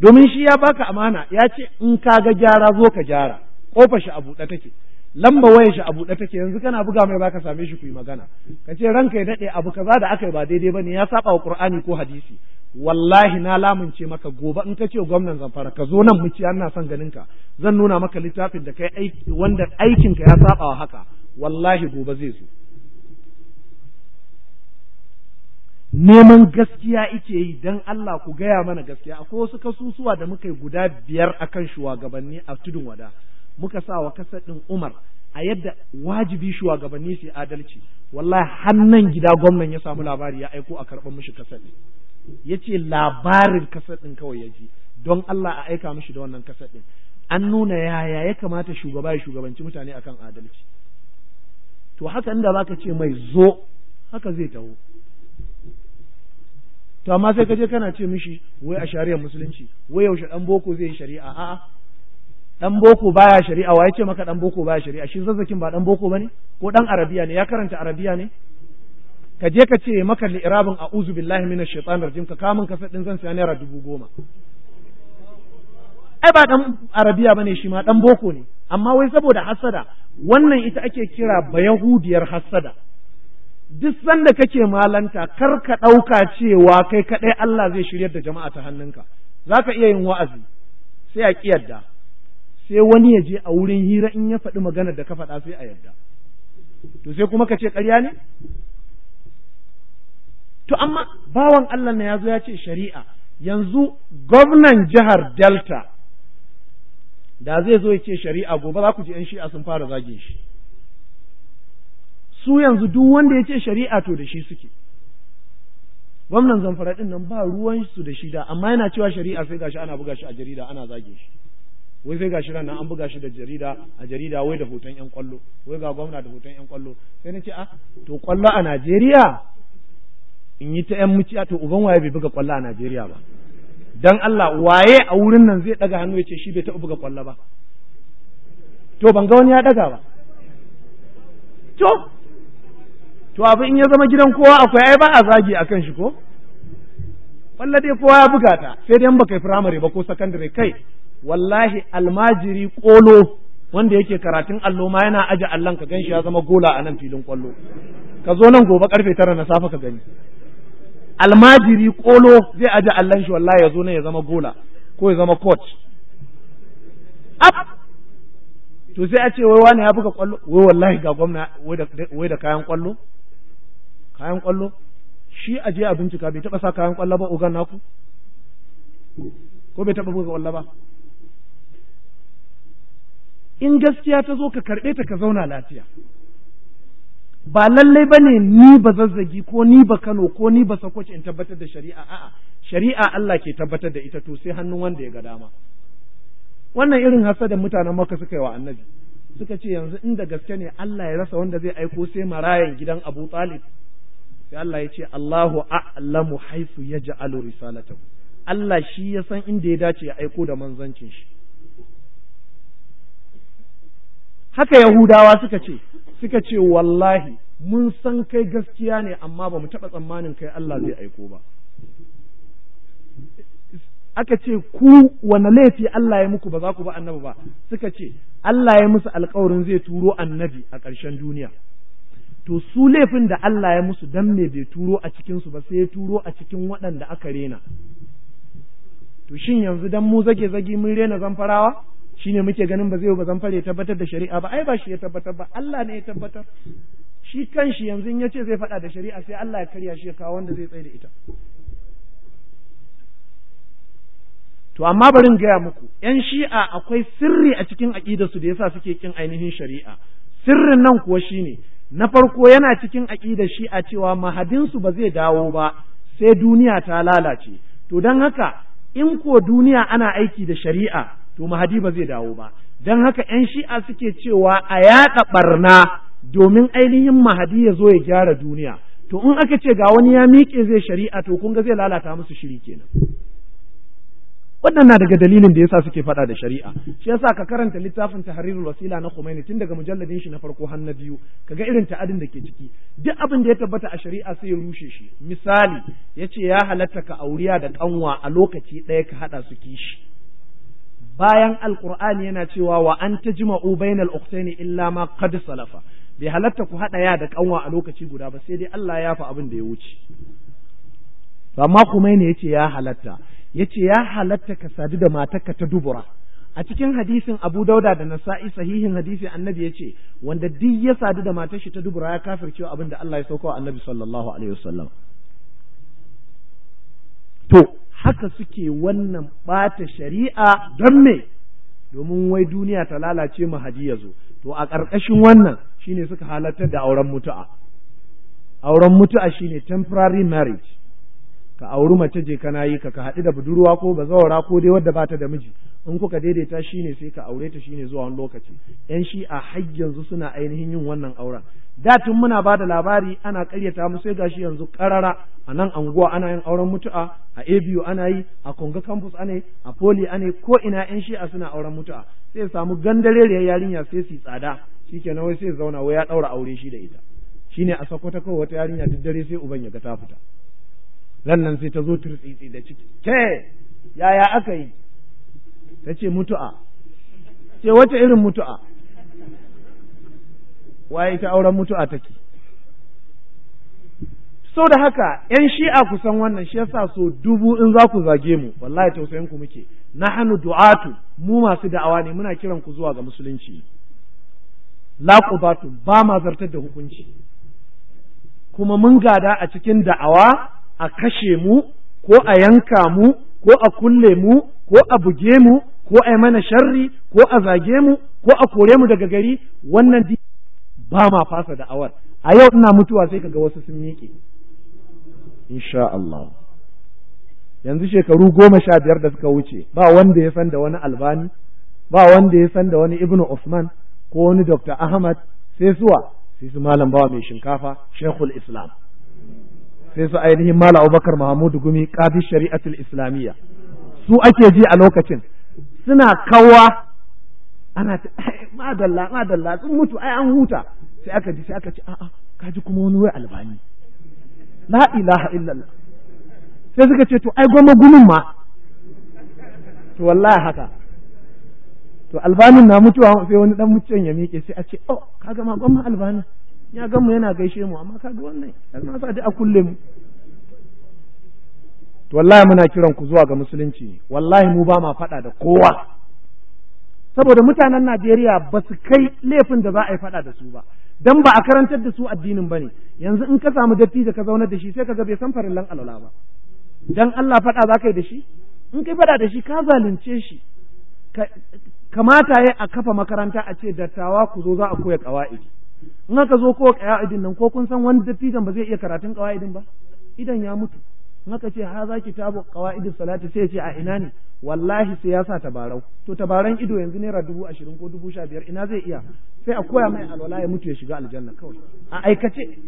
domin shi ya baka amana ya ce in ka ga gyara zo ka gyara Kofa shi a buɗe take lamba wayan shi a buɗe take yanzu kana buga mai baka same shi ku yi magana ka ce ranka ya daɗe abu kaza da aka yi ba daidai bane ya saba wa qur'ani ko hadisi wallahi na lamunce maka gobe in ka ce gwamnan zamfara ka zo nan muciya ana son ganin ka zan nuna maka littafin da kai aiki wanda aikin ka ya saba wa haka wallahi gobe zai zo neman gaskiya ike yi dan Allah ku gaya mana gaskiya akwai wasu kasusuwa da muka yi guda biyar akan shugabanni a tudun wada muka sa wa kasar ɗin Umar a yadda wajibi shugabanni su adalci wallahi hannan gida gwamnan ya samu labari ya aiko a karɓar mishi kasar ɗin ya ce labarin kasar ɗin kawai ya ji don Allah a aika mishi da wannan kasar ɗin an nuna yaya ya kamata shugaba ya shugabanci mutane akan adalci to haka inda zaka ce mai zo haka zai taho to amma sai ka je kana ce mishi wai a shari'ar musulunci wai yaushe dan boko zai yi shari'a a'a dan boko baya shari'a wa yace maka dan boko baya shari'a shi zazzakin ba dan boko bane ko dan arabiya ne ya karanta arabiya ne ka je ka ce maka irabin a'udhu billahi minash shaitanir rajim ka kamun kasa din zan saya naira dubu goma ai ba dan arabiya bane shi ma dan boko ne amma wai saboda hasada wannan ita ake kira bayahudiyar hasada duk sanda kake malanta kar ka ɗauka cewa kai kaɗai Allah zai shiryar da jama'a ta hannunka za ka iya yin wa'azi sai a kiyarda sai wani ya je a wurin hira in ya faɗi maganar da ka faɗa sai a yarda to sai kuma ka ce ƙarya ne to amma bawan Allah na ya zo ya ce shari'a yanzu gwamnan jihar Delta da zai zo ya ce shari'a gobe za ku ji ‘yan shi'a sun fara zagin shi su yanzu duk wanda ya ce shari'a to da shi suke gwamnan zamfara ɗin nan ba ruwan su da shi da amma yana cewa shari'a sai gashi ana buga shi a jarida ana zage shi wai sai gashi ran nan an buga shi da jarida a jarida wai da hoton yan kwallo wai ga gwamna da hoton yan kwallo sai nace a ah, to kwallo a Najeriya in yi ta yan muciya to uban waye bai buga kwallo a Najeriya ba dan Allah waye a wurin nan zai daga hannu ya ce shi bai taɓa buga kwallo ba to ban ga wani ya daga ba to to abu in ya zama gidan kowa akwai ai ba a zagi akan shi ko kwallo dai kowa ya buga ta sai dai an baka yi firamare ba ko sakandare kai wallahi almajiri kolo wanda yake karatun allo ma yana aje allon ka ganshi ya zama gola a nan filin kwallo ka zo nan gobe karfe tara na safe ka gani almajiri kolo zai aje allon shi wallahi ya zo nan ya zama gola ko ya zama coach up to sai a ce wai wani ya buga kwallo wai wallahi ga gwamna wai da kayan kwallo kayan kwallo shi aje a bincika bai taba sa kayan kwallo ba ugan naku ko bai taba buga kwallo ba in gaskiya ta zo ka karɓe ta ka zauna lafiya ba lallai ba ne ni ba zazzagi ko ni ba Kano ko ni ba Sokoto in tabbatar da shari'a a'a shari'a Allah ke tabbatar da ita to sai hannun wanda ya ga dama wannan irin hasadan mutanen maka suka yi wa Annabi suka ce yanzu in da gaske ne Allah ya rasa wanda zai aiko sai marayan gidan Abu Talib sai Allah ya ce Allahu a'lamu haythu yaj'alu risalatahu Allah shi ya san inda ya dace ya aiko da manzancin shi haka yahudawa suka ce suka ce wallahi mun san kai gaskiya ne amma ba mu taɓa tsammanin kai Allah zai aiko ba aka ce ku wane laifi Allah ya muku ba za ku ba annabi ba suka ce Allah ya musu alkawarin zai turo annabi a ƙarshen duniya to su laifin da Allah ya musu dan me bai turo a cikinsu ba sai ya turo a cikin waɗanda aka rena to shin yanzu dan mu zage zage mun rena zamfarawa Shi ne muke ganin ba zai yi ba zan ya tabbatar da shari'a ba ai ba shi ya tabbatar ba Allah ne ya tabbatar shi kanshi yanzu in ce zai faɗa da shari'a sai Allah ya karya shi ya kawo wanda zai tsaye da ita to amma bari in gaya muku yan shi'a akwai sirri a cikin su da yasa suke kin ainihin shari'a sirrin nan kuwa shine na farko yana cikin shi shi'a cewa mahadinsu ba zai dawo ba sai duniya ta lalace to don haka in ko duniya ana aiki da shari'a to mahadi ba zai dawo ba don haka yan shi'a suke cewa a yaɗa ɓarna domin ainihin mahadi ya zo ya gyara duniya to in aka ce ga wani ya miƙe zai shari'a to kun ga zai lalata musu shiri kenan wannan na daga dalilin da yasa suke faɗa da shari'a shi yasa ka karanta littafin tahrirul wasila na Khomeini tun daga mujalladin shi na farko har na biyu kaga irin ta'adin da ke ciki duk abin da ya tabbata a shari'a sai ya rushe shi misali yace ya halatta ka auriya da kanwa a lokaci ɗaya ka hada su kishi bayan Alkur'ani yana cewa wa an ta tajma'u bainal ukhtaini illa ma qad salafa bai halatta ku hada ya da kanwa a lokaci guda ba sai dai Allah ya fa abin da ya wuce amma kuma ne yace ya halatta yace ya halatta ka sadu da matarka ta dubura a cikin hadisin Abu Dauda da Nasa'i sahihin hadisi Annabi yace wanda duk ya sadu da matar shi ta dubura ya kafircewa abin da Allah ya sauka wa Annabi sallallahu alaihi wasallam to haka suke wannan ɓata shari'a don me domin wai duniya ta lalace mu haji ya zo to a ƙarƙashin wannan shine suka halartar da auren mutu'a auren mutu'a shine temporary marriage ka auri mace je kana yi ka ka haɗu da budurwa ko ba zawara ko dai wadda bata da miji in kuka daidaita shi ne sai ka aure ta shi ne zuwa wani lokaci yan shi a har yanzu suna ainihin yin wannan auren da tun muna ba da labari ana karyata mu sai gashi yanzu karara a nan anguwa ana yin auren mutu'a a ABU ana yi a Konga campus ana yi a Poli ana yi ko ina yan shi'a suna auren mutu'a sai samu gandareriyar yarinya sai su tsada shikenan wai sai zauna wai ya daura aure shi da ita shine a sako ta kawai wata yarinya duk dare sai uban ya ga ta fita rannan sai ta zo turtsitsi da ciki ke yaya aka yi ta ce mutu'a ce wata irin mutu'a waye ita auren mutu'a take so da haka ‘yan shi'a ku san wannan shi yasa so dubu in za ku zage mu wallahi tausayin ku muke na hannu du'atu mu masu da'awa ne muna kiran ku zuwa ga musulunci la ba ma zartar da hukunci kuma mun gada a cikin da'awa a kashe mu ko a yanka mu ko a kulle mu ko a buge mu ko a mana sharri ko a zage mu ko a kore mu daga gari wannan ba ma fasa da awar a yau ina mutuwa sai kaga wasu sun miƙe insha Allah yanzu shekaru goma sha biyar da suka wuce ba wanda ya san da wani albani ba wanda ya san da wani ibnu Usman ko wani Dr. Ahmad sai suwa sai su malam bawa mai shinkafa shekul Islam sai su ainihin mala abubakar mahamudu gumi kadi shari'atul islamiyya su ake ji a lokacin suna kawa ana ta eh, madalla madalla sun mutu ai an huta sai aka ji sai aka ce a'a kaji kuma wani wai albani la ilaha illallah sai suka ce to ai goma gumin ma to wallahi haka to albanin na mutuwa sai wani dan mutuwan ya miƙe sai a ce oh kaga ma goma albanin ya gan mu yana gaishe mu amma kaga wannan ya zama sa a kulle mu to wallahi muna kiran ku zuwa ga musulunci wallahi mu ba ma faɗa da kowa saboda mutanen Najeriya ba su kai laifin da za a yi faɗa da su ba dan ba a karantar da su addinin bane yanzu in ka samu dattijo ka zauna da shi sai ka ga bai san farillan alwala ba dan Allah faɗa za ka yi da shi in kai faɗa da shi ka zalunce shi kamata ya a kafa makaranta a ce dattawa ku zo za a koya ƙawa'idi in aka zo ko idin nan ko kun san wani dattijan ba zai iya karatun idin ba idan ya mutu in aka ce ha za kitabu idin salati sai ya ce a ina ne wallahi sai ya sa tabarau to tabaran ido yanzu naira dubu ashirin ko dubu sha biyar ina zai iya sai a koya mai alwala ya mutu ya shiga aljanna kawai a aikace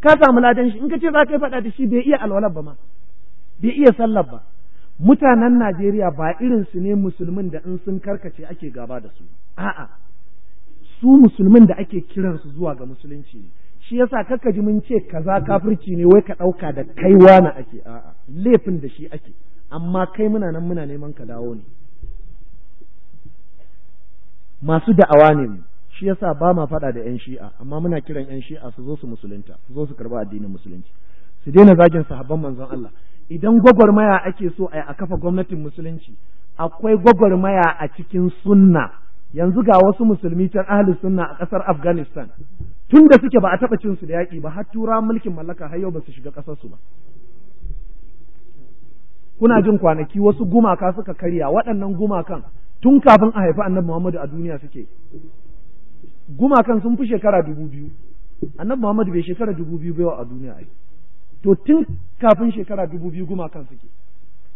ka samu ladan shi in ka ce za ka yi faɗa da shi bai iya alwalar ba ma bai iya sallar ba mutanen Najeriya ba irin su ne musulmin da in sun karkace ake gaba da su a'a su musulmin da ake kiransu zuwa ga musulunci ne shi yasa kaka ji mun ce kaza kafirci ne wai ka ɗauka da kai wani ake a'a laifin da shi ake amma kai muna nan muna neman ka dawo ne masu da'awa ne mu shi yasa ba ma faɗa da 'yan shi'a amma muna kiran 'yan shi'a su zo su musulunta su zo su karɓi addinin musulunci su daina zagin sahabban manzon Allah idan gwagwarmaya ake so a kafa gwamnatin musulunci akwai gwagwarmaya a cikin sunna yanzu ga wasu musulmi can ahli sunna a ƙasar Afghanistan tun da suke ba a taɓa cin su da yaƙi ba har tura mulkin mallaka har yau ba su shiga ƙasar su ba kuna jin kwanaki wasu gumaka suka karya waɗannan gumakan tun kafin a haifi annabi Muhammadu a duniya suke gumakan sun fi shekara dubu biyu annabi Muhammadu bai shekara dubu biyu bai a duniya ai to tun kafin shekara dubu biyu gumakan suke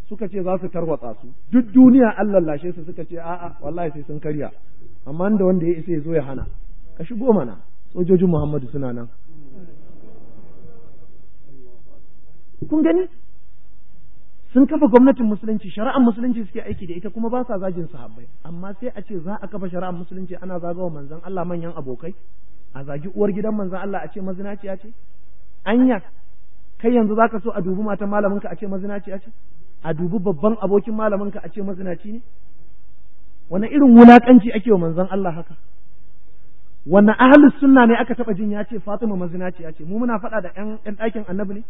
suka ce za su tarwatsa su duk duniya Allah lashe su suka ce a'a wallahi sai sun karya amma da wanda ya isa ya zo ya hana ka shigo mana sojojin Muhammadu suna nan kun gani sun kafa gwamnatin musulunci shari'ar musulunci suke aiki da ita kuma ba sa zagin sahabbai amma sai a ce za a kafa shari'ar musulunci ana zagawa manzon Allah manyan abokai a zagi uwar gidan manzon Allah a ce mazinaciya ce anya kai yanzu zaka so a dubi matan malamin ka a ce mazinaciya ce a dubi babban abokin malaminka a ce mazinaci ne wani irin wulaƙanci ake wa manzon Allah haka wane ahalus sunna ne aka taɓa jin ya ce Fatima mazinaci ya ce mu muna faɗa da yan ɗakin annabi ne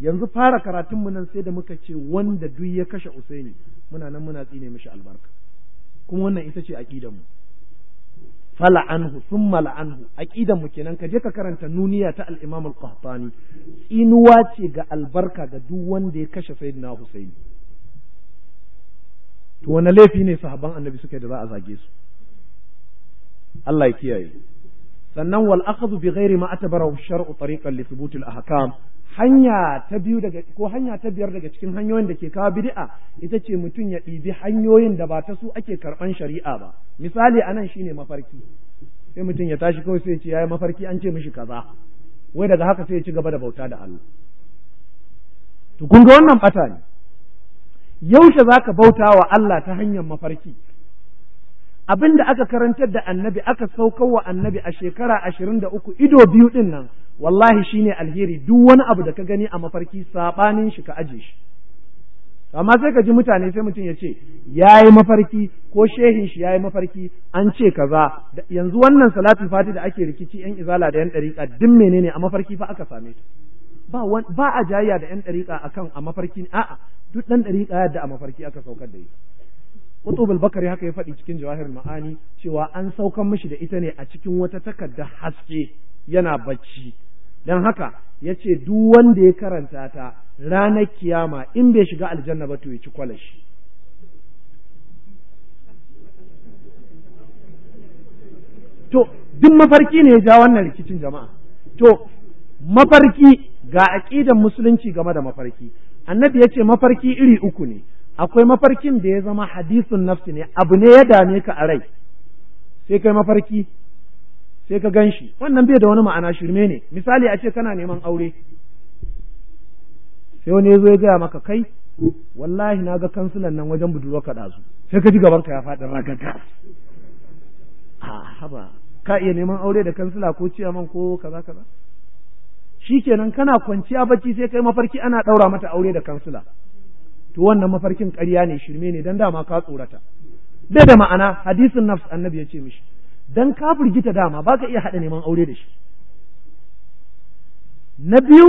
yanzu fara karatunmu nan sai da muka ce wanda duk ya kashe Usaini muna nan muna tsine mishi albarka kuma wannan ita ce a mu fala anhu thumma la anhu mu kenan ka je ka karanta nuniya ta al-Imam al-Qahtani tsinuwa ce ga albarka ga duk wanda ya kashe sayyidina Husaini to wani laifi ne sahaban annabi suke da za a zage su Allah ya kiyaye sannan wal akhdhu bi ghairi ma atabarahu shar'u tariqan li thubutil ahkam hanya ta biyu daga ko hanya ta biyar daga cikin hanyoyin da ke kawo bid'a ita ce mutum ya ɗibi hanyoyin da ba ta su ake karɓan shari'a ba misali anan shine mafarki sai mutum ya tashi kawai sai ya ce yayi mafarki an ce mishi kaza wai daga haka sai ya ci gaba da bauta da Allah to kun ga wannan bata ne yaushe zaka bauta wa Allah ta hanyar mafarki abinda aka karantar da annabi aka saukar wa annabi a shekara ashirin da uku ido biyu ɗin nan wallahi shine alheri duk wani abu da ka gani a mafarki sabanin shi ka aje shi amma sai ka ji mutane sai mutum ya ce ya yi mafarki ko shehin shi ya yi mafarki an ce kaza yanzu wannan salatul fati da ake rikici yan izala da yan ɗariƙa duk menene a mafarki fa aka same ta ba a jayya da yan ɗariƙa akan a mafarki a'a duk ɗan ɗariƙa yadda a mafarki aka saukar da ita Qutubul Bakari haka ya faɗi cikin Jawahir Ma'ani cewa an saukan mishi da ita ne a cikin wata takarda haske yana bacci don haka ya ce duk wanda ya karanta ta ranar kiyama in bai shiga aljanna ba to ya ci kwalashi to duk mafarki ne ya ja wannan rikicin jama'a to mafarki ga aƙidan musulunci game da mafarki annabi ya ce mafarki iri uku ne akwai mafarkin da ya zama hadisun nafsi ne abu ne ya dame ka a rai sai kai mafarki sai ka gan shi wannan bai da wani ma'ana shirme ne misali a ce kana neman aure sai wani ya zo ya gaya maka kai wallahi na ga kansilan nan wajen budurwar ka ɗazu sai ka ji gaban ka ya faɗi ragata a ah, haba ka iya neman aure da kansila ko man ko kaza kaza shikenan kana kwanciya bacci sai kai mafarki ana ɗaura mata aure da kansila to wannan mafarkin ƙarya ne shirme ne dan dama ka tsorata bai da ma'ana hadisin nafs annabi ya ce mishi dan ka firgita dama baka iya haɗa neman aure da shi na biyu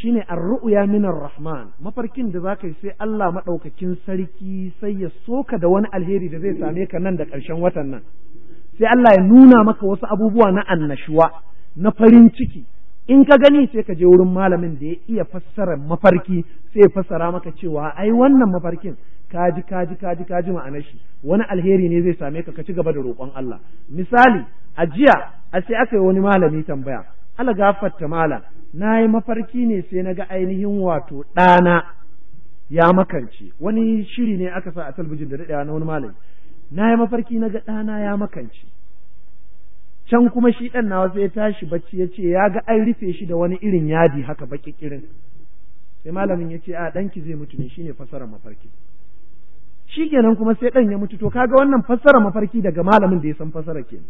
shine ar-ru'ya min rahman mafarkin da zaka yi sai Allah madaukakin sarki sai ya soka da wani alheri da zai same ka nan da ƙarshen watan nan sai Allah ya nuna maka wasu abubuwa na annashuwa na farin ciki in ka gani sai ka je wurin malamin da ya iya fassara mafarki sai ya fassara maka cewa ai wannan mafarkin kaji kaji kaji kaji ma'anar shi wani alheri ne zai same ka ka ci gaba da roƙon Allah misali a jiya a sai aka yi wani malami tambaya Allah gafarta malam na yi mafarki ne sai na ga ainihin wato ɗana ya makance wani shiri ne aka sa a talbijin da daɗewa na wani malami na yi mafarki na ga ɗana ya makance can kuma shi ɗan nawa sai ya tashi bacci ya ce ya ga an rufe shi da wani irin yadi haka baƙi sai malamin ya ce a ɗanki zai mutu ne shine fasarar mafarki shikenan kuma sai ɗan ya mutu to kaga wannan fassara mafarki daga malamin da ya san fassara kenan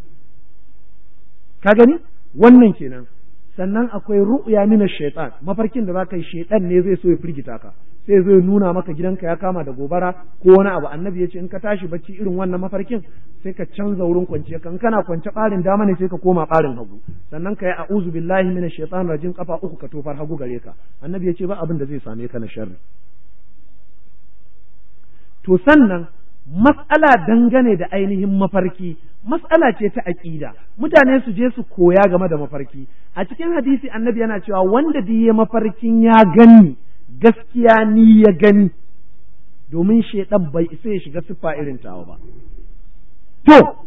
ka gani wannan kenan sannan akwai ru'ya mina shaitan mafarkin da za ka yi shaitan ne zai so ya firgita ka sai zai nuna maka gidanka ya kama da gobara ko wani abu annabi ya ce in ka tashi bacci irin wannan mafarkin sai ka canza wurin kwanciya kan kana kwance ɓarin dama ne sai ka koma ɓarin hagu sannan ka yi a'uzu billahi minash Shaitan rajin kafa uku ka tofar hagu gare ka annabi ya ce ba abin da zai same ka na sharri to sannan matsala dangane da ainihin mafarki matsala ce ta aƙida mutane su je su koya game da mafarki a cikin hadisi annabi yana cewa wanda diye mafarkin ya gani gaskiya ni ya gani domin shaidan bai isa ya shiga siffa irin tawa ba to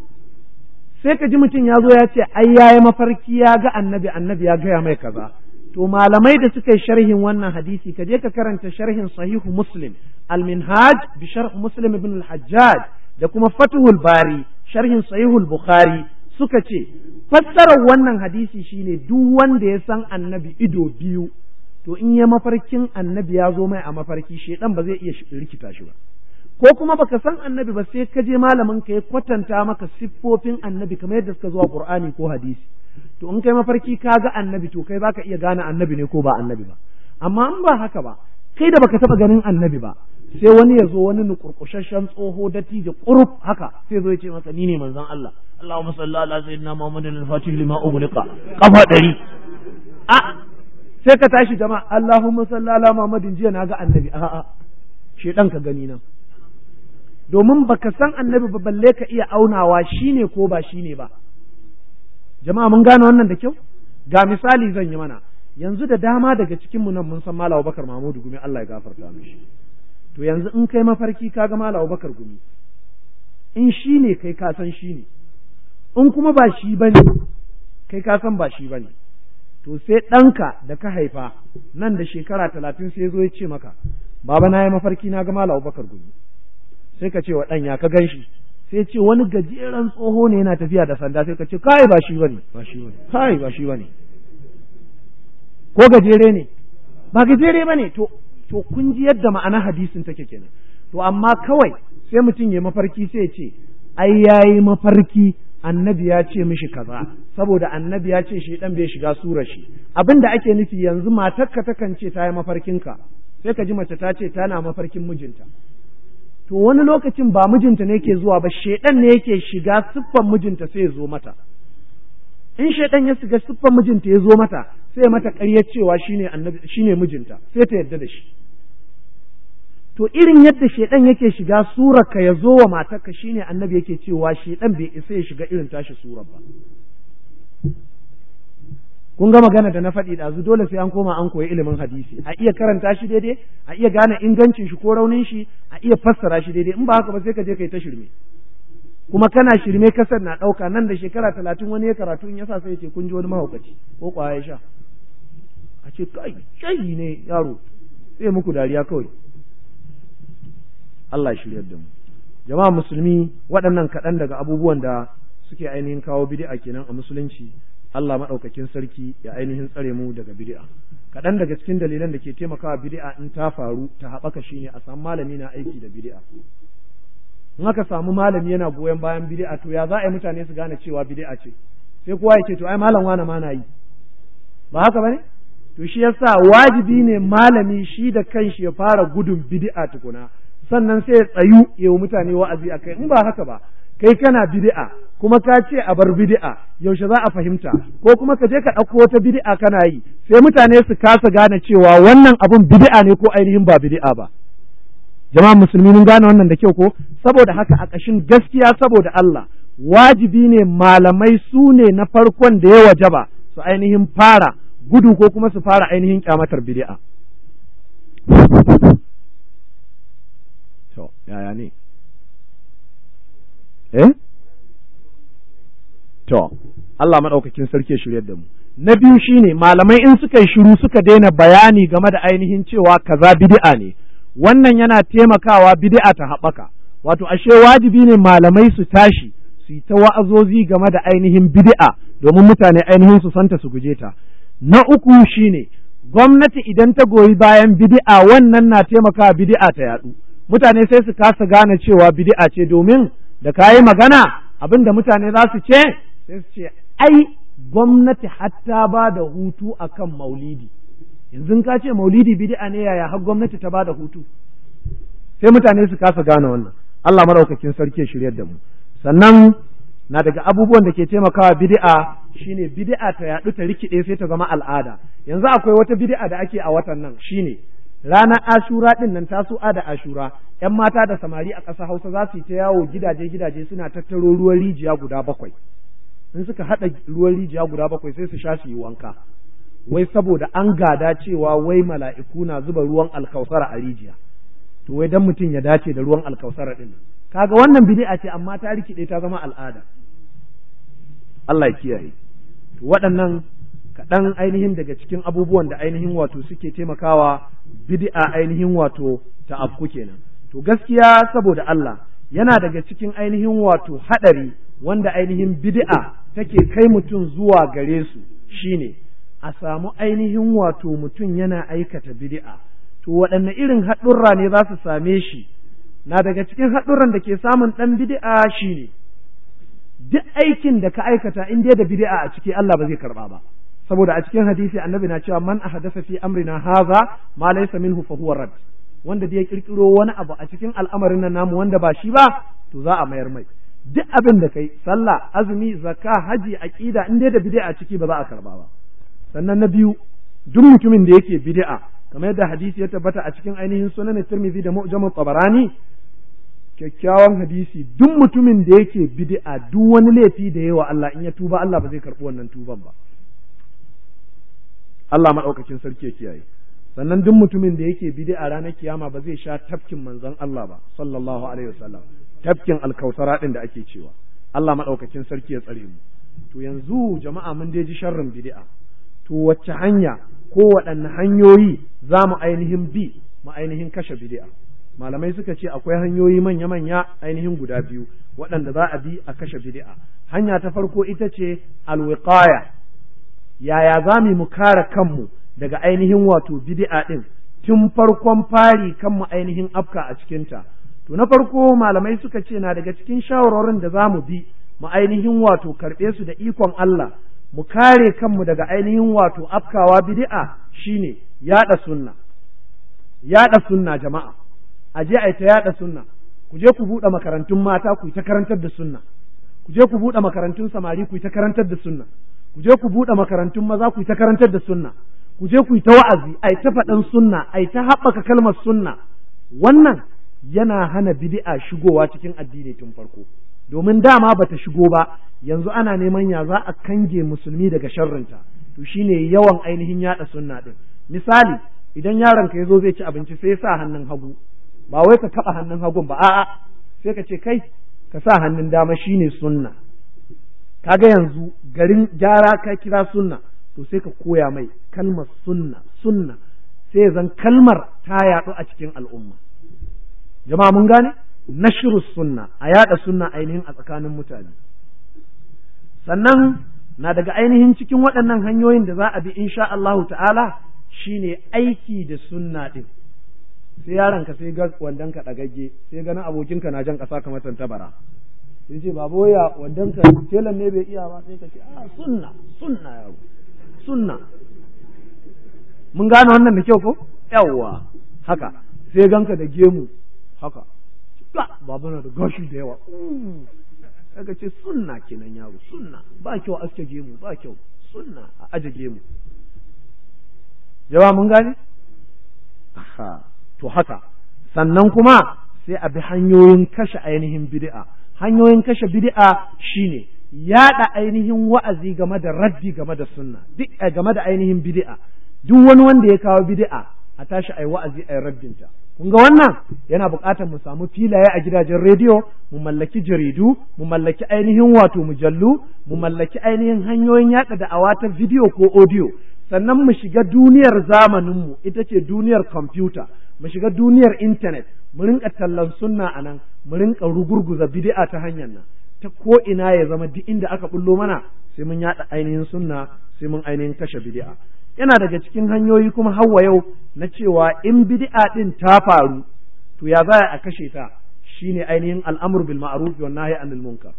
sai ka ji mutum ya zo ya ce ai yayi mafarki ya ga annabi annabi ya gaya mai kaza to malamai da suka yi sharhin wannan hadisi ka je ka karanta sharhin sahihu muslim al-minhaj bi sharh muslim ibn al-hajjaj da kuma fatuhul bari sharhin sahihul bukhari suka ce fassarar wannan hadisi shine duk wanda ya san annabi ido biyu to in ya mafarkin annabi ya zo mai a mafarki shedan ba zai iya rikita shi ba ko kuma baka san annabi ba sai ka je malamin ka ya kwatanta maka siffofin annabi kamar yadda suka zuwa qur'ani ko hadisi to in kai mafarki ka ga annabi to kai baka iya gane annabi ne ko ba annabi ba amma in ba haka ba kai da baka taba ganin annabi ba sai wani ya zo wani nukurkushashen tsoho datti da kuruf haka sai zo ya ce maka ni ne manzon Allah Allahumma salli ala sayyidina Muhammadin al-fatih lima ughliqa kafa ɗari a sai ka tashi jama'a Allahumma salli ala Muhammadin jiya na ga annabi a'a shedan ka gani nan domin baka san annabi ba balle ka iya aunawa shine ko ba shine ba jama'a mun gane wannan da kyau ga misali zan yi mana yanzu da dama daga cikinmu nan mun san Malam Abubakar Mahmudu Gumi Allah ya gafarta mishi to yanzu in kai mafarki ga Malam Abubakar Gumi in shi kai ka san shi in kuma ba shi bane kai ka san ba shi bane to sai ɗanka da ka haifa nan da shekara talatin sai zo ya ce maka baba na yi mafarki na ga Malam Abubakar Gumi sai ka ce wa ɗan ka gan shi sai ce wani gajeren tsoho ne yana tafiya da sanda sai ka ce kai ba shi bane ba shi bane kai ba shi bane ko gajere ne ba gajere bane to to kun ji yadda ma'ana hadisin take kenan to amma kawai sai mutum ya mafarki sai ya ce ai yayi mafarki annabi ya ce mishi kaza saboda annabi ya ce shi dan bai shiga sura shi abinda ake nufi yanzu matarka takan ce ta yi mafarkinka sai ka ji mace ta ce tana mafarkin mijinta to wani lokacin ba mijinta ne ke zuwa ba shedan ne yake shiga siffan mijinta sai ya zo mata in shedan ya shiga siffan mijinta ya zo mata sai ya mata ƙarya cewa shine annabi mijinta sai ta yarda da shi to irin yadda shedan yake shiga surarka ya zo wa matarka shine annabi yake cewa shedan bai isa ya shiga irin tashi surar ba kun ga magana da na faɗi ɗazu dole sai an koma an koyi ilimin hadisi a iya karanta shi daidai a iya gane ingancin shi ko raunin shi a iya fassara shi daidai in ba haka ba sai ka je kai ta shirme kuma kana shirme kasar na ɗauka nan da shekara talatin wani ya karatu in ya sa sai ya ce kun ji wani mahaukaci ko kwa ya sha a ce kai shayi ne yaro sai muku dariya kawai Allah shiryar da mu jama'a musulmi waɗannan kaɗan daga abubuwan da suke ainihin kawo bid'a kenan a musulunci Allah maɗaukakin sarki ya ainihin tsare mu daga bidi'a kaɗan daga cikin dalilan da ke taimakawa bid'a in ta faru ta haɓaka shi ne a samu malami na aiki da bidi'a. in aka samu malami yana goyon bayan bidi'a to ya za a yi mutane su gane cewa bidi'a ce sai kowa ya ce to ai malam wane ma na yi ba haka bane to shi ya sa wajibi ne malami shi da kanshi ya fara gudun bidi'a tukuna sannan sai ya tsayu ya wa mutane wa'azi a kai in ba haka ba kai kana bid'a kuma ka ce a bar bid'a yaushe za a fahimta ko kuma ka je ka ɗauko wata bid'a kana yi sai mutane su kasa gane cewa wannan abun bid'a ne ko ainihin ba bid'a ba jama'a musulmi mun gane wannan da kyau ko saboda haka a ƙashin gaskiya saboda Allah wajibi ne malamai su ne na farkon da ya wajaba su ainihin fara gudu ko kuma su fara ainihin kyamatar bid'a to yaya ne eh to Allah maɗaukakin sarki ya da mu na biyu shine malamai in suka yi shiru suka daina bayani game da ainihin cewa kaza bid'a ne wannan yana taimakawa bid'a ta haɓaka wato ashe wajibi ne malamai su tashi su yi ta wa'azozi game da ainihin bid'a domin mutane ainihin su santa su guje ta na uku shine gwamnati idan ta goyi bayan bid'a wannan na taimakawa bid'a ta yaɗu mutane sai su kasa gane cewa bid'a ce domin da ka yi magana abin da mutane za su ce sai su ce ai gwamnati hatta ba da hutu a kan maulidi yanzu ka ce maulidi bid'a ne yaya har gwamnati ta ba da hutu sai mutane su kasa gane wannan Allah maraukakin sarki shiryar da mu sannan na daga abubuwan da ke taimakawa bid'a shine bid'a ta yaɗu ta rikide sai ta zama al'ada yanzu akwai wata bid'a da ake a watan nan shine ranar ashura din nan ta a da ashura yan mata da samari a ƙasar hausa za su yi ta yawo gidaje gidaje suna tattaro ruwan rijiya guda bakwai in suka haɗa ruwan rijiya guda bakwai sai su sha su yi wanka wai saboda an gada cewa wai mala'iku na zuba ruwan alkausara a rijiya to wai dan mutum ya dace da ruwan alkausara din kaga wannan bid'a ce amma ta rikide ta zama al'ada Allah ya kiyaye to waɗannan kaɗan ainihin daga cikin abubuwan da ainihin wato suke taimakawa bid'a ainihin wato ta afku kenan to gaskiya saboda Allah yana daga cikin ainihin wato haɗari wanda ainihin bid'a take kai mutum zuwa gare su shine a samu ainihin wato mutum yana aikata bid'a to waɗanne irin haɗurra ne za su same shi na daga cikin haɗurran da ke samun ɗan bid'a shine duk aikin da ka aikata in dai da bid'a a ciki Allah ba zai karɓa ba saboda a cikin hadisi annabi na cewa man ahdasa fi amrina haza ma laysa minhu fa huwa rad wanda da ya kirkiro wani abu a cikin al'amarin nan namu wanda ba shi ba to za a mayar mai duk abin da kai sallah azumi zakka haji aqida in dai da bid'a ciki ba za a karba ba sannan na biyu duk mutumin da yake bid'a kamar yadda hadisi ya tabbata a cikin ainihin sunan Tirmidhi da Mu'jam Tabarani kyakkyawan hadisi duk mutumin da yake bid'a duk wani laifi da yawa Allah in ya tuba Allah ba zai karbi wannan tuban ba Allah maɗaukakin sarki ya kiyaye sannan duk mutumin da yake a ranar kiyama ba zai sha tafkin manzon Allah ba sallallahu alaihi wasallam tafkin alkausara din da ake cewa Allah maɗaukakin sarki ya tsare mu to yanzu jama'a mun dai ji sharrin bid'a to wacce hanya ko waɗanne hanyoyi za mu ainihin bi mu ainihin kashe bid'a malamai suka ce akwai hanyoyi manya-manya ainihin guda biyu waɗanda za a bi a kashe bid'a hanya ta farko ita ce alwiqaya yaya za mu kare kanmu daga ainihin wato bid'a din tun farkon fari kanmu ainihin afka a cikinta to na farko malamai suka ce na daga cikin shawarorin da za mu bi mu ainihin wato karɓe su da ikon Allah mu kare kanmu daga ainihin wato afkawa bid'a shine yaɗa sunna yaɗa sunna jama'a a je a ta yaɗa sunna ku je ku buɗe makarantun mata ku yi ta karantar da sunna ku je ku buɗe makarantun samari ku yi ta karantar da sunna ku je ku buɗe makarantun maza ku yi ta karantar da sunna ku je ku yi ta wa'azi ai ta faɗin sunna ai ta haɓaka kalmar sunna wannan yana hana bid'a shigowa cikin addini tun farko domin dama bata shigo ba yanzu ana neman ya za a kange musulmi daga sharrinta to shine yawan ainihin yaɗa sunna din misali idan yaron ka yazo zai ci abinci sai sa hannun hagu ba wai ka kaɓa hannun hagun ba a'a sai ka ce kai ka sa hannun dama shine sunna kaga yanzu garin gyara ka kira sunna to sai ka koya mai kalmar sunna sunna sai zan kalmar ta yaɗu a cikin al'umma jama'a mun gane nashru sunna a yaɗa sunna ainihin a tsakanin mutane sannan na daga ainihin cikin waɗannan hanyoyin da za a bi insha Allahu ta'ala shine aiki da sunna din sai yaron sai ga wandon ka dagagge sai ganin abokinka na jan ƙasa kamar tantabara sai ce babu waya wandan ka telan ne bai iya ba sai ka ce ah sunna sunna yaro sunna mun gane wannan da kyau ko yawwa haka sai ganka da gemu haka babu na da gashi da yawa kaga ce sunna kenan yaro sunna ba kyau aske gemu ba kyau sunna a aje gemu jawa mun gane aha to haka sannan kuma sai a bi hanyoyin kashe ainihin bid'a hanyoyin kashe bid'a shine yada ainihin wa'azi game da raddi game da sunna duk eh, game da ainihin bidi'a duk wani wanda ya kawo bidi'a a tashi ai wa'azi ai raddinta kun ga wannan yana buƙatar mu samu filaye a gidajen rediyo mu mallaki jaridu mu mallaki ainihin wato mujallu mu mallaki ainihin hanyoyin yada da'awa ta bidiyo ko audio sannan mu shiga duniyar zamaninmu ita ce duniyar kwamfuta mu shiga duniyar intanet mu rinka tallan sunna a nan mu rinka rugurguza bid'a ta hanyar nan ta ko ina ya zama duk inda aka bullo mana sai mun yada ainihin sunna sai mun ainihin kashe bid'a yana daga cikin hanyoyi kuma hawa yau na cewa in bid'a din ta faru to ya za a kashe ta shine ainihin al'amur bil ma'ruf wa nahy anil munkar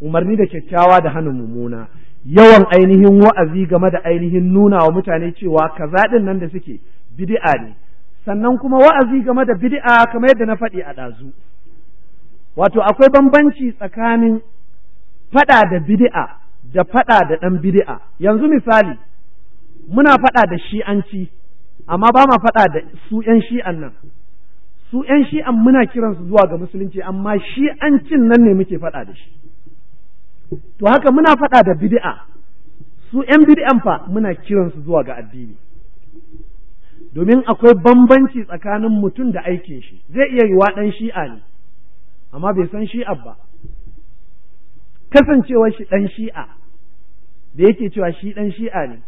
umarni da kyakkyawa da hannun mummuna yawan ainihin wa'azi game da ainihin nuna wa mutane cewa kaza din nan da suke bid'a ne sannan kuma wa'azi game da bidi'a kamar yadda na faɗi a ɗazu wato akwai bambanci tsakanin faɗa da bidi'a da faɗa da ɗan bidi'a. yanzu misali muna faɗa da shi'anci amma ba ma faɗa da su ‘yan shi'an nan su ‘yan shi'an muna kiransu zuwa ga musulunci amma shi'ancin nan ne muke faɗa da shi to haka muna faɗa da bidi'a, su ‘yan bidi'an fa muna kiransu zuwa ga addini domin akwai bambanci tsakanin mutum da aikin shi zai iya yi ɗan shi'a ne amma bai san shi'a ba Kasancewa shi ɗan shi'a da yake cewa shi ɗan shi'a ne